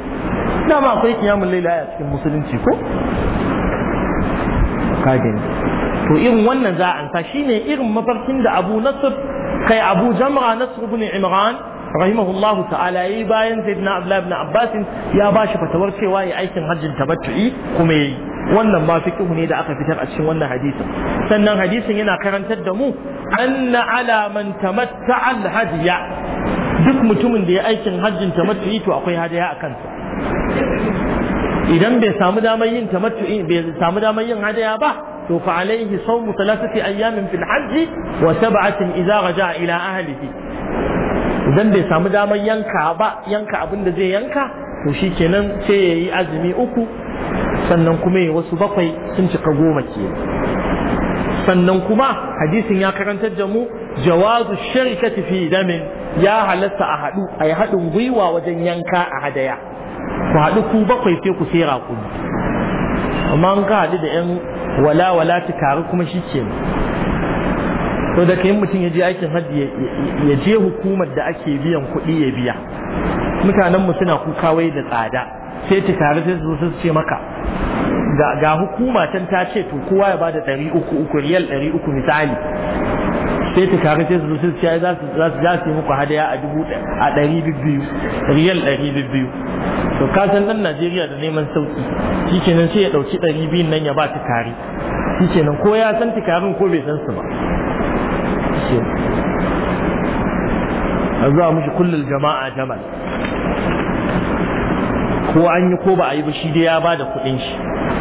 dama akwai kiyamun laili a cikin musulunci ko kagin to irin wannan za a ansa shine irin mafarkin da abu nasr kai abu jamra nasr ibn imran rahimahullahu ta'ala yi bayan sayyidina abdullah ibn abbas ya bashi fatawar cewa ya aikin hajjin tabattu'i kuma yayi wannan ma fiqh ne da aka fitar a cikin wannan hadisin sannan hadisin yana karantar da mu anna alaman man tamatta'a duk mutumin da ya aikin hajjin tamattu'i to akwai hadaya a kansa idan bai samu damar yin tamattu'i bai samu damar yin hadaya ba to fa alaihi sawmu thalathati ayyamin fil hajj wa sab'atin idza raja'a ila ahlihi idan bai samu damar yanka ba yanka abin da zai yanka to shikenan sai yayi azumi uku sannan kuma wasu bakwai sun cika goma ke sannan kuma hadisin ya karantar da mu jawazu sharikati fi damin ya halatta a haɗu a yi haɗin gwiwa wajen yanka a hadaya ku haɗu ku bakwai sai ku kera ku. amma an ka haɗu da 'yan wala wala ta taru kuma shi ke to da kayan mutum ya je aikin ya je hukumar da ake biyan kuɗi ya biya mutanenmu suna kuka wai da tsada sai ta tare sai su su ce maka ga hukuma can ta ce to kowa ya bada ɗari uku uku riyal ɗari uku misali sai ta tare sai su su ce za su yi muku hadaya a dubu a ɗari biyu riyal ɗari biyu to ka san nan Najeriya da neman sauki shikenan sai ya ɗauki ɗari biyun nan ya ba ta tare shikenan ko ya san tikarin ko bai san su ba a zuwa mushi kullum jama'a jamal ko an yi ko ba a yi ba shi dai ya ba da kuɗin shi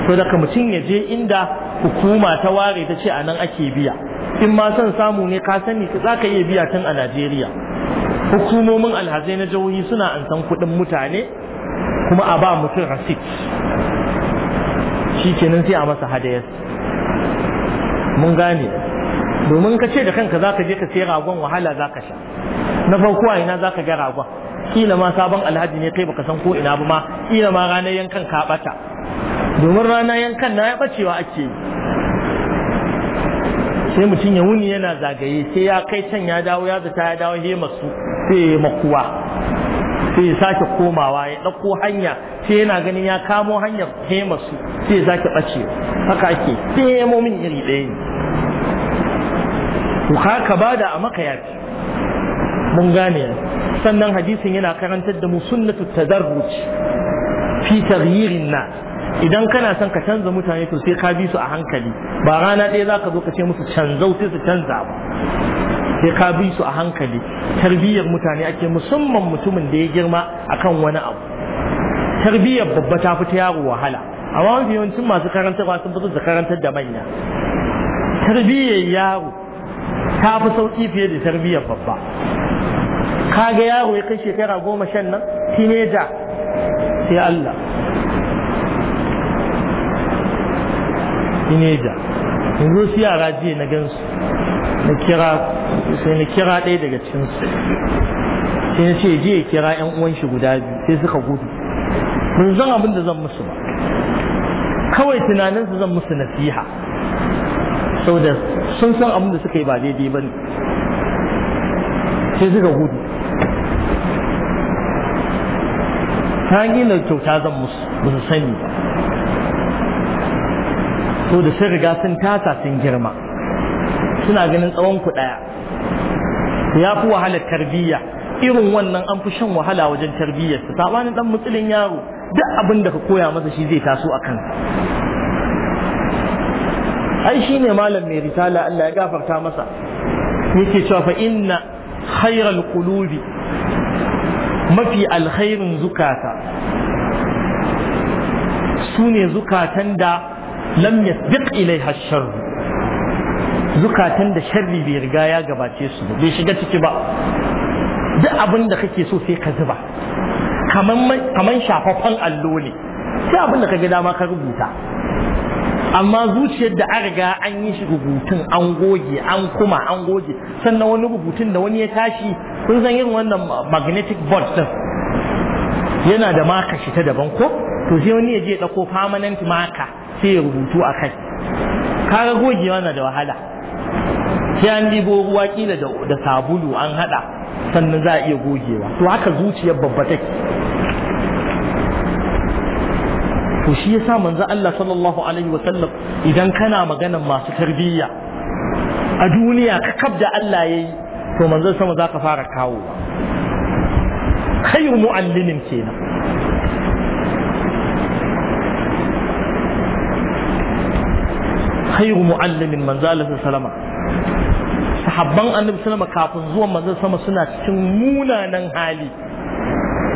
to daga mutum ya je inda hukuma ta ware ta ce a nan ake biya in ma son samu ne ka sani za ka iya biya tun a najeriya hukumomin alhazai na jihohi suna ansan kuɗin mutane kuma a ba mutum rasit shi kenan sai a masa hadayar mun gane domin ka ce da kanka za ka je ka sai ragon wahala za ka sha na farko a ina za ka ga ragon kila ma sabon alhaji ne kai baka san ko ina ba ma kila ma ranar yankan ka bata domin rana yankan na ya bacewa ake yi sai mutum ya wuni yana zagaye sai ya kai can ya dawo ya zata ya dawo he masu sai ya makuwa sai ya sake komawa ya ɗauko hanya sai yana ganin ya kamo hanyar he masu sai ya sake ɓace haka ake sai ya mumin iri ɗaya ne Ku haka ka bada a maka yafi mun gane sannan hadisin yana karantar da mu sunnatu tadarruj fi taghyirin na idan kana son ka canza mutane to sai ka bi su a hankali ba rana ɗaya za ka zo ka ce musu canzau sai su canza ba sai ka bi su a hankali tarbiyyar mutane ake musamman mutumin da ya girma akan wani abu tarbiyyar babba ta fita yaro wahala amma mafi yawancin masu karantarwa sun fi da karantar da manya tarbiyyar yaro ta fi sauƙi fiye da tarbiyyar babba kaga yaro ya kai shekara goma shan nan tineja sai Allah tineja yanzu su yara jiya na gansu na kira sai na kira ɗaya daga cinsu, sai na ce jiya ya kira yan uwan shi guda biyu sai suka gudu ban san abin da zan musu ba kawai tunaninsu zan musu nasiha saboda sun san abin da suka yi ba daidai ba ne sai suka gudu ta gina kyauta zan musu sani ba to da sun riga sun tasa sun girma suna ganin tsawon ku ɗaya ya fi wahalar tarbiyya irin wannan an fi shan wahala wajen tarbiyyar su sabanin dan mutsulin yaro duk abin da ka koya masa shi zai taso a kansa ai ne malam mai risala Allah ya gafarta masa yake cewa fa inna khairal qulubi mafi alkhairin zukata su ne zukatan da lam yasbiq ilaiha sharr zukatan da sharri bai riga ya gabace su bai shiga ciki ba duk abin da kake so sai ka zuba kaman shafaffen allo ne sai abin da ka ga dama ka rubuta amma zuciyar da an riga an yi shi rubutun an goge an kuma an goge sannan wani rubutun da wani ya tashi kun san yin wannan magnetic board din yana da maka shi ta daban ko to sai wani ya je ɗauko permanent maka sai ya rubutu a kai kaga gogewa na da wahala sai an ɗibo ruwa kila da sabulu an haɗa sannan za a iya gogewa to haka zuciyar babba take to shi yasa manzo Allah sallallahu alaihi wa sallam idan kana maganan masu tarbiyya a duniya ka kabda Allah yayi to manzon sama za ka fara kawo khairu mu'allimin kenan khairu mu'allimin manzo Allah sallama sahabban annabi sallama kafin zuwan manzo sama suna cikin munanan hali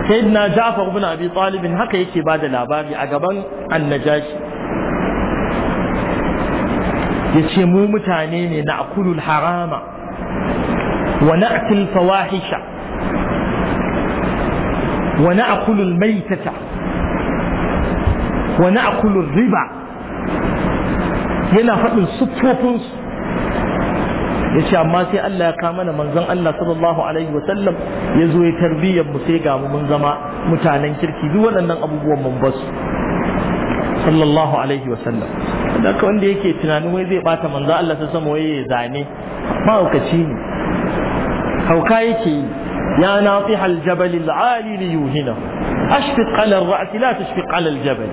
sayyidina Ja'far ibn Abi Talib haka yake bada labari a gaban annajashi ce mu mutane ne na akulul harama ونأتي الفواحش ونأكل الميتة ونأكل الربا yana faɗin siffofinsu ya ce amma sai Allah ya kama na manzon Allah sallallahu alaihi wa sallam ya zo ya tarbiyyar mu sai ga mu mun zama mutanen kirki duk waɗannan abubuwan mun basu sallallahu alaihi wa sallam da wanda yake tunanin wai zai bata manzon Allah ta sama waye ya zane mahaukaci ne Hauka yake yi ya nafiha aljabal alali li yuhina ashfiq ala ar-ra's la tashfiq ala aljabal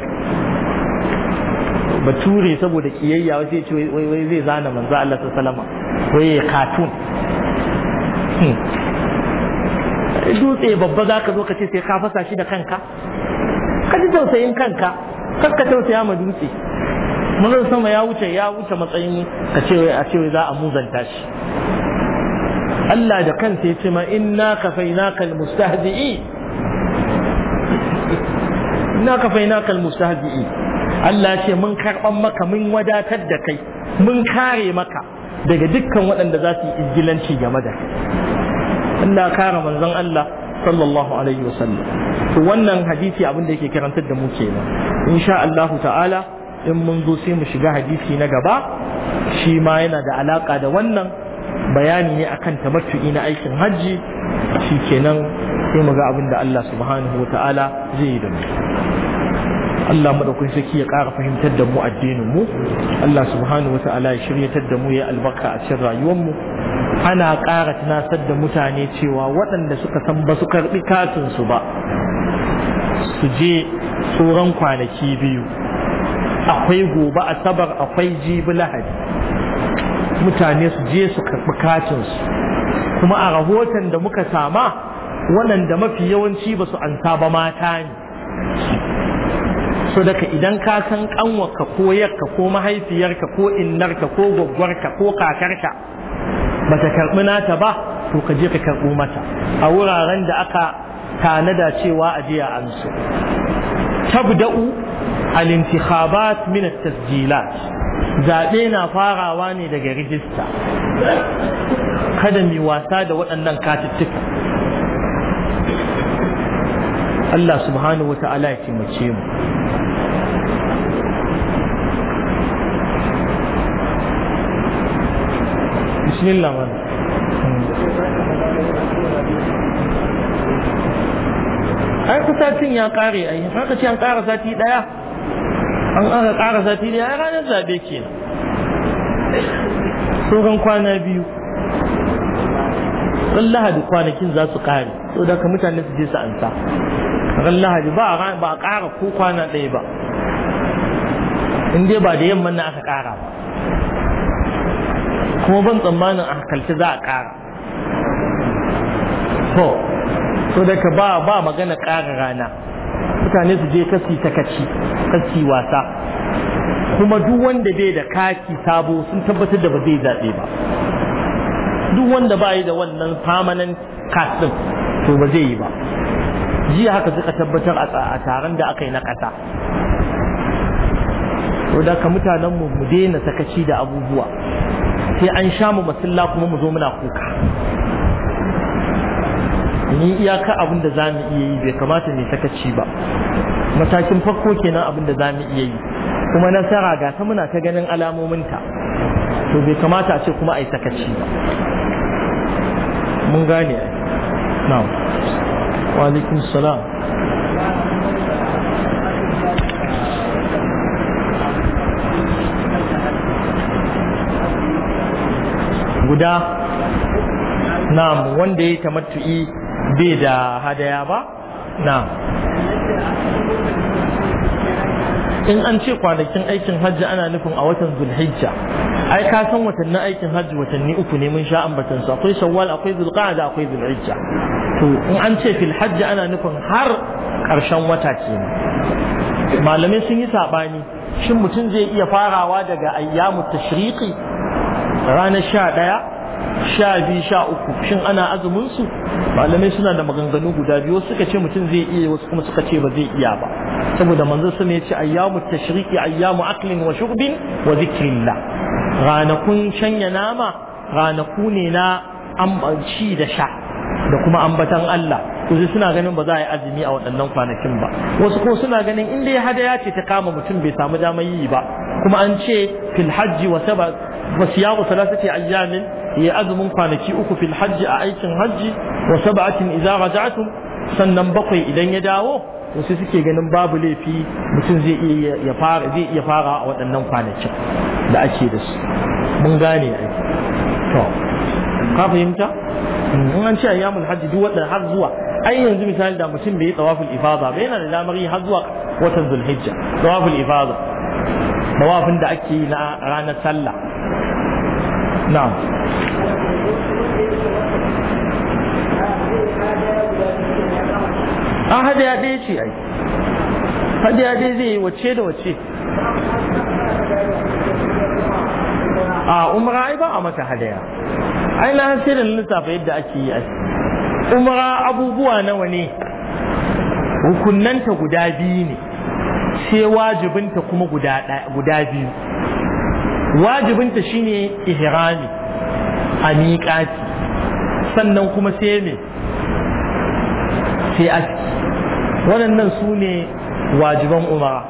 bature saboda kiyayya sai ce wai zai zana manzo Allah sallallahu alaihi wai katun hmm. dutse babba za ka zo ka ce sai ka fasa shi da kanka ka ji tausayin kanka kar ka tausaya ma dutse mun sama ya wuce ya wuce matsayin ka ce a ce za a muzanta shi Allah da kansa ya ce ma inna kafainaka almustahzi'i inna kafainaka almustahzi'i Allah ya ce mun karban maka mun wadatar da kai mun kare maka daga dukkan waɗanda za su yi izgilanci game da Allah kare manzon Allah sallallahu alaihi wasallam to wannan hadisi abin da yake karantar da mu kenan insha Allah ta'ala in mun zo sai mu shiga hadisi na gaba shi ma yana da alaka da wannan bayani ne akan tamattu'i na aikin hajji shikenan sai mu ga abin da Allah subhanahu wataala zai yi da mu Allah madaukakin ya ƙara fahimtar da mu addinin mu Allah subhanahu wataala ya shiryatar da mu ya albarka a cikin rayuwar mu ana ƙara tunasar da mutane cewa waɗanda suka san ba su karɓi katin su ba su je tsoron kwanaki biyu akwai gobe asabar akwai jibi lahadi mutane su je su karɓi katinsu kuma a rahoton da muka sama waɗanda mafi yawanci ba su ansa ba mata ne so daga idan ka san ƙanwarka ko yarka ko mahaifiyarka ko innarka ko gwaggwarka ko kakarka ba ta karɓi nata ba to ka je ka karɓo mata a wuraren da aka tanada cewa a je a amsu tabda'u al-intikhabat min at-tasjilat zabe na farawa ne daga rijista kada mi wasa da waɗannan katuttuka Allah ya taimake mu ai kusa cin ya kare ai haka ce an kara sati daya an aka ƙara sati da ya ranar zabe ke, sauran kwana biyu ran lahadi kwanakin za su ƙare so da ka mutane su je su ansa ran lahadi ba a ƙara ko kwana ɗaya ba in dai ba da yamman na aka ƙara ba kuma ban tsammanin a kalci za a ƙara so da ka ba magana ƙara rana mutane su je kasi sakaci kasi wasa kuma duk wanda bai da kaki sabo sun tabbatar da ba zai zaɓe ba duk wanda ba yi da wannan permanent card to ba zai yi ba jiya haka suka tabbatar a taron da aka yi na kasa. to da ka mutanen mu mu daina sakaci da abubuwa sai an sha mu masalla kuma mu zo muna kuka ni iyaka abin da za mu iya yi bai kamata mai sakaci ba matakin farko kenan abin da za mu iya yi kuma nasara ga ta muna ta ganin alamominta to bai kamata a ce kuma a yi sakaci ba mun gane na wa alaikum salam guda na wanda ya yi tamattu'i bai da hadaya ba na in an ce kwanakin aikin hajji ana nufin a watan zulhijja ai ka san watannin aikin hajji watanni uku ne mun sha ambatan su akwai shawwal akwai zulqa'ada akwai zulhijja to in an ce fil hajji ana nufin har karshen wata ke malamai sun yi sabani shin mutum zai iya farawa daga ayyamu tashriqi ranar sha ɗaya sha biyu sha uku shin ana azuminsu. malamai suna da maganganu guda biyu suka ce mutum zai iya wasu kuma suka ce ba zai iya ba saboda manzon sun ya ce ayyamu tashriqi ayyamu aklin wa shurbin wa zikrillah ranakun shanya nama ranaku ne na ci da sha da kuma ambatan Allah kuzi suna ganin ba za a yi azumi a waɗannan kwanakin ba wasu ko suna ganin inda ya hadaya ce ta kama mutum bai samu damar yi ba kuma an ce fil hajji wa saba wa siyamu salasati ayyamin ya azumin kwanaki uku fil hajji a aikin hajji wa sab'atin idza raja'tum sannan bakwai idan ya dawo wasu suke ganin babu laifi mutum zai iya ya fara zai iya fara a waɗannan kwanakin da ake da su mun gane ai to ka fahimta in an ce ayyamul hajji duk wadda har zuwa ai yanzu misali da mutum bai yi tawaful ifada ba yana da damar yi har zuwa watan zulhijja tawaful ifada tawafin da ake yi na ranar sallah na'am an ah, hadaya ɗaya ce ai ya ɗaya zai yi wacce da wacce a ah, umra ai ba a mata hadaya ai na sai da lissafa yadda ake yi a umara abubuwa nawa ne rukunnanta guda biyu ne sai wajibinta kuma guda biyu wajibinta shine ihrami a miƙati sannan kuma sai me sai aski waɗannan su ne wajiban umara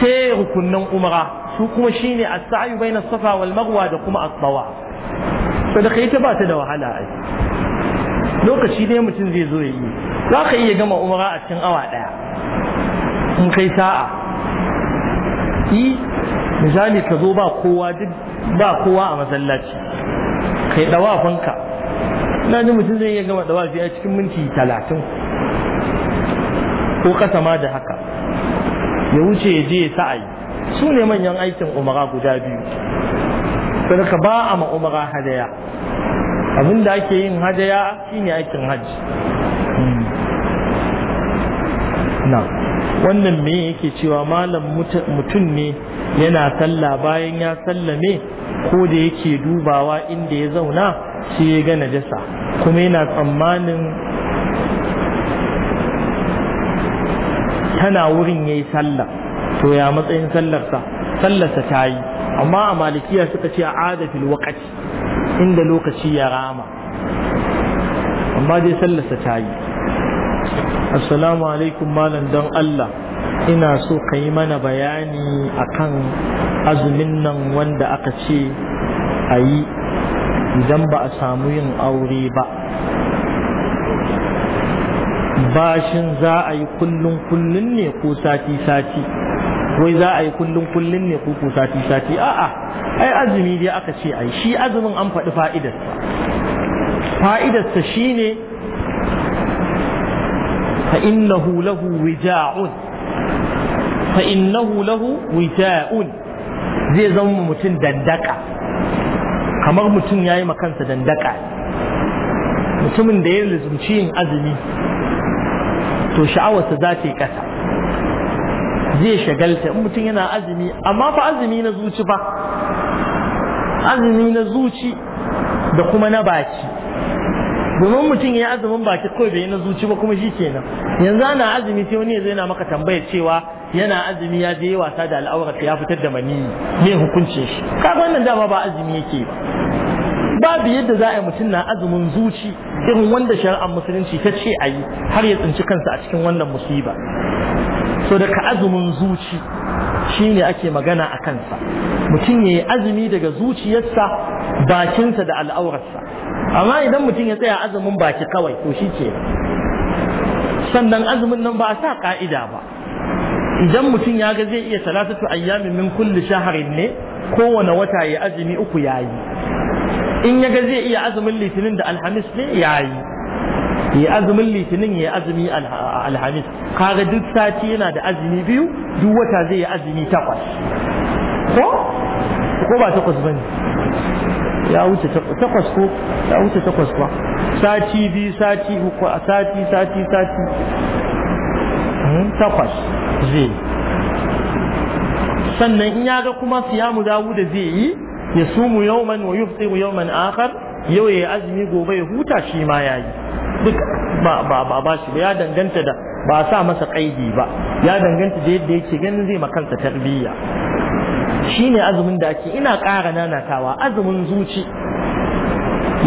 sai rukunnan umara su kuma shine as-sa'yu bayna safa wal marwa da kuma at-tawaf sadaka ita ba ta da wahala ai lokaci ne mutum zai zo yi za ka iya gama umara a cikin awa ɗaya in kai sa'a yi misali ka zo ba kowa duk ba kowa a masallaci kai fanka na ji mutum zai iya gama dawa a cikin minti talatin ko kasa ma da haka ya wuce ya je ya sa'ayi su ne manyan aikin umara guda biyu ka ba a ma umara hadaya abin da ake yin hadaya shine aikin hajji hmm. na wannan me yake cewa malam mutum ne yana sallah bayan ya sallame ko da yake dubawa inda ya zauna shi ya gana najasa kuma yana tsammanin tana wurin ya yi sallah to ya matsayin sallarsa sallarsa ta yi amma a malikiya suka ce a fil waqti inda lokaci ya rama amma dai Sallasa ta yi assalamu alaikum malam don Allah ina so ka yi mana bayani akan azumin nan wanda aka ce a yi idan ba a samu yin aure ba bashin za a yi kullum kullum ne ko sati-sati wai za a yi kullum kullum ne kuku sati sati a'a ai azumi dai aka ce ai shi azumin an faɗi fa'idarsa fa'idarsa shine fa innahu lahu wija'un fa innahu lahu wija'un zai zama mutum dandaka kamar mutum ya yi makansa dandaka mutumin da ya lizumci yin azumi to sha'awarsa za ta yi ƙasa zai shagalta in mutum yana azumi amma fa azumi na zuci ba azumi na zuci da kuma na baki domin mutum ya azumin baki kawai bai na zuci ba kuma shi kenan yanzu ana azumi sai wani ya yana maka tambaya cewa yana azumi ya je wasa da al'aurata ya fitar da maniyi me hukuncin shi kaga wannan dama ba azumi yake ba babu yadda za a yi mutum na azumin zuci irin wanda shari'ar musulunci ta ce a yi har ya tsinci kansa a cikin wannan musiba so daga azumin zuci shine ake magana a kansa mutum ya yi azumi daga zuciyarsa bakinsa da al'aurarsa amma idan mutum ya tsaya azumin baki kawai to shi ce sannan azumin nan ba a sa ka'ida ba idan mutum ya ga zai iya talatatu ayyamin min kulli shaharin ne kowane wata ya azumi uku yayi in ya ga zai iya azumin litinin da alhamis ne yayi ya azumin litinin ya azumi alhamis kaga duk sati yana da azumi biyu duk wata zai yi azumi takwas ko ko ba takwas bane ya wuce takwas ko ya wuce takwas ba sati bi, sati uku a sati sati sati hmm, takwas zai sannan in ya ga kuma siyamu dawu da zai yi ya sumu man wa yau man akhar yau ya azumi gobe ya huta shi ma yayi duk ba ba ba ba ya danganta da ba sa masa kaidi ba ya danganta da yadda yake ganin zai makansa tarbiyya shine azumin da ake ina ƙara nanatawa azumin zuci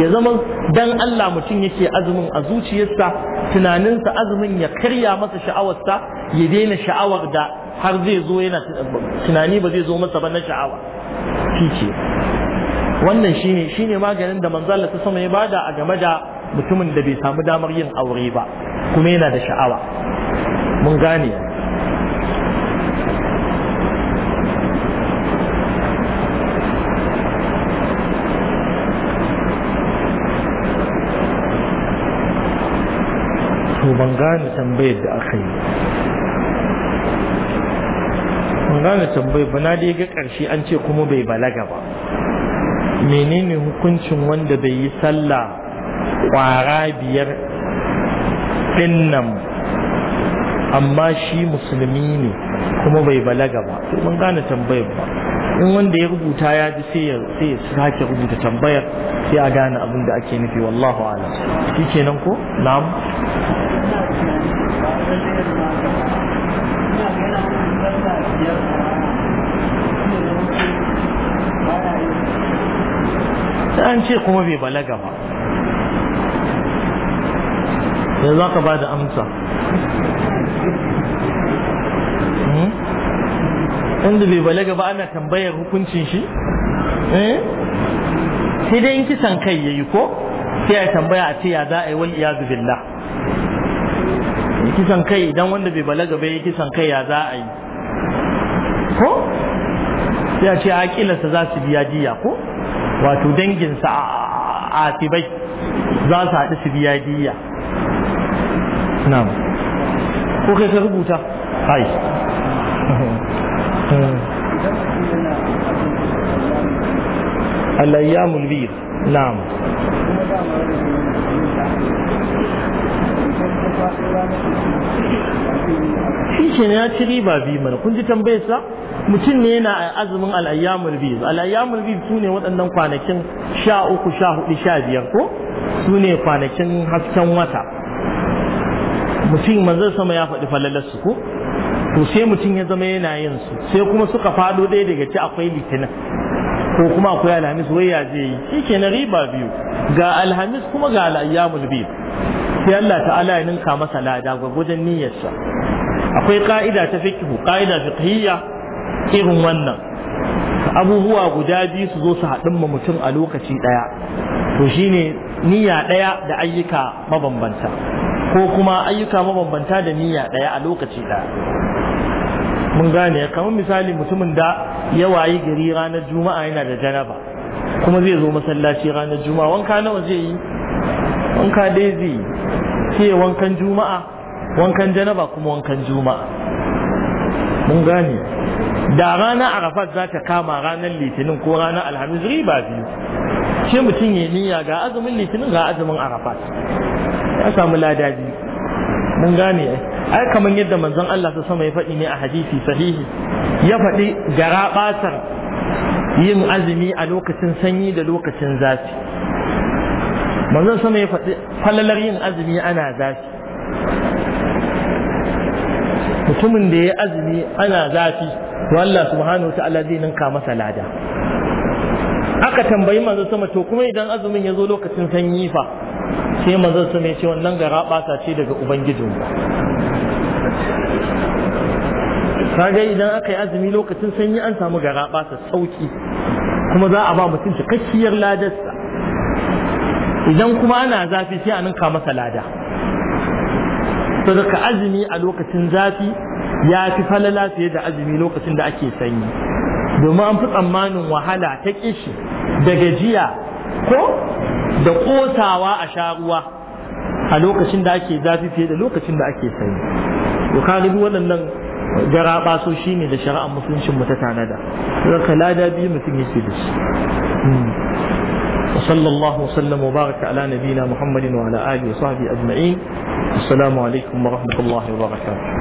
ya zama dan Allah mutum yake azumin a zuciyarsa tunaninsa azumin ya karya masa sha'awarsa ya daina sha'awar da har zai zo yana tunani ba zai zo masa ba na sha'awa shi wannan shine shine maganin da manzo Allah ta sama ya bada a game da mutumin da bai samu damar yin aure ba kuma yana da sha'awa mun gane to ban gane tambayar da aka yi ban gane tambayar ba na dai ga ƙarshe an ce kuma bai balaga ba menene hukuncin wanda bai yi sallah kwara biyar ɗin nan amma shi musulmi ne kuma bai balaga ba mun gane tambayar ba in wanda ya rubuta ya ji sai ya sake rubuta tambayar sai a gane abin da ake nufi wallahu alam shi kenan ko na'am an ce kuma bai balaga ba yanzu aka ba da amsa inda bai balaga ba ana tambayar hukuncin shi sai dai in kisan kai yayi ko sai a tambaya a ce ya za a yi wani iyazu billah kisan kai idan wanda bai balaga bai kisan kai ya za a yi ko sai a ce a kilasta za su biya diya ko wato danginsa a asibai za su haɗu su biya diya Na'am. ko kai ka rubuta Ai. al-ayyamul bir na'am shi ke ya ci riba biyu mana kun ji tambayar sa mutum ne yana azumin al'ayyamul biyu al'ayyamul biyu su ne waɗannan kwanakin sha uku sha hudu sha biyar ko su ne kwanakin hasken wata mutum manzan sama ya faɗi su ko to sai mutum ya zama yana yin su sai kuma suka faɗo ɗaya daga ci akwai litinin ko kuma akwai alhamis wai ya je yi shi ke na riba biyu ga alhamis kuma ga al'ayyamul biyu sai Allah ta'ala ya ninka masa lada gwagwajen niyyarsa akwai ka'ida ta fikihu ka'ida fiqhiyya irin wannan abubuwa guda biyu su zo su haɗin ma mutum a lokaci ɗaya to shine niyya ɗaya da ayyuka mabambanta ko kuma ayyuka mabambanta da niyya ɗaya a lokaci ɗaya mun gane kamar misali mutumin da ya wayi gari ranar juma'a yana da janaba kuma zai zo masallaci ranar juma'a wanka nawa zai yi wanka dai zai yi sai wankan juma'a wankan janaba kuma wankan juma'a mun gane da ranar arafat za ta kama ranar litinin ko ranar alhamis riba biyu sai mutum ya niyya ga azumin litinin ga azumin arafat ya samu lada mun gane ai kamar yadda manzon Allah ta sama ya faɗi ne a hadisi sahihi ya faɗi garaɓatar yin azumi a lokacin sanyi da lokacin zafi manzon sama ya faɗi falalar yin azumi ana zafi mutumin da ya azumi ana zafi to Allah subhanahu ta'ala zai ninka masa lada aka tambayi manzon sama to kuma idan azumin ya zo lokacin sanyi fa sai manzon su mai ce wannan gara ce daga ubangijin kaga idan aka yi azumi lokacin sanyi an samu gara bata sauki kuma za a ba mutum cikakkiyar ladarsa idan kuma ana zafi sai a ninka masa lada daga azumi a lokacin zafi ya fi falala fiye da azumi lokacin da ake sanyi domin an fi tsammanin wahala ta kishi da gajiya ko da kosawa a sha ruwa a lokacin da ake zafi fiye da lokacin da ake sanyi to ka duk waɗannan jaraba so ne da shari'ar musuluncin mu ta tanada ka lada biyu mutum yake da shi وصلى الله وسلم وبارك على نبينا محمد وعلى اله وصحبه اجمعين alaikum wa ورحمه wa وبركاته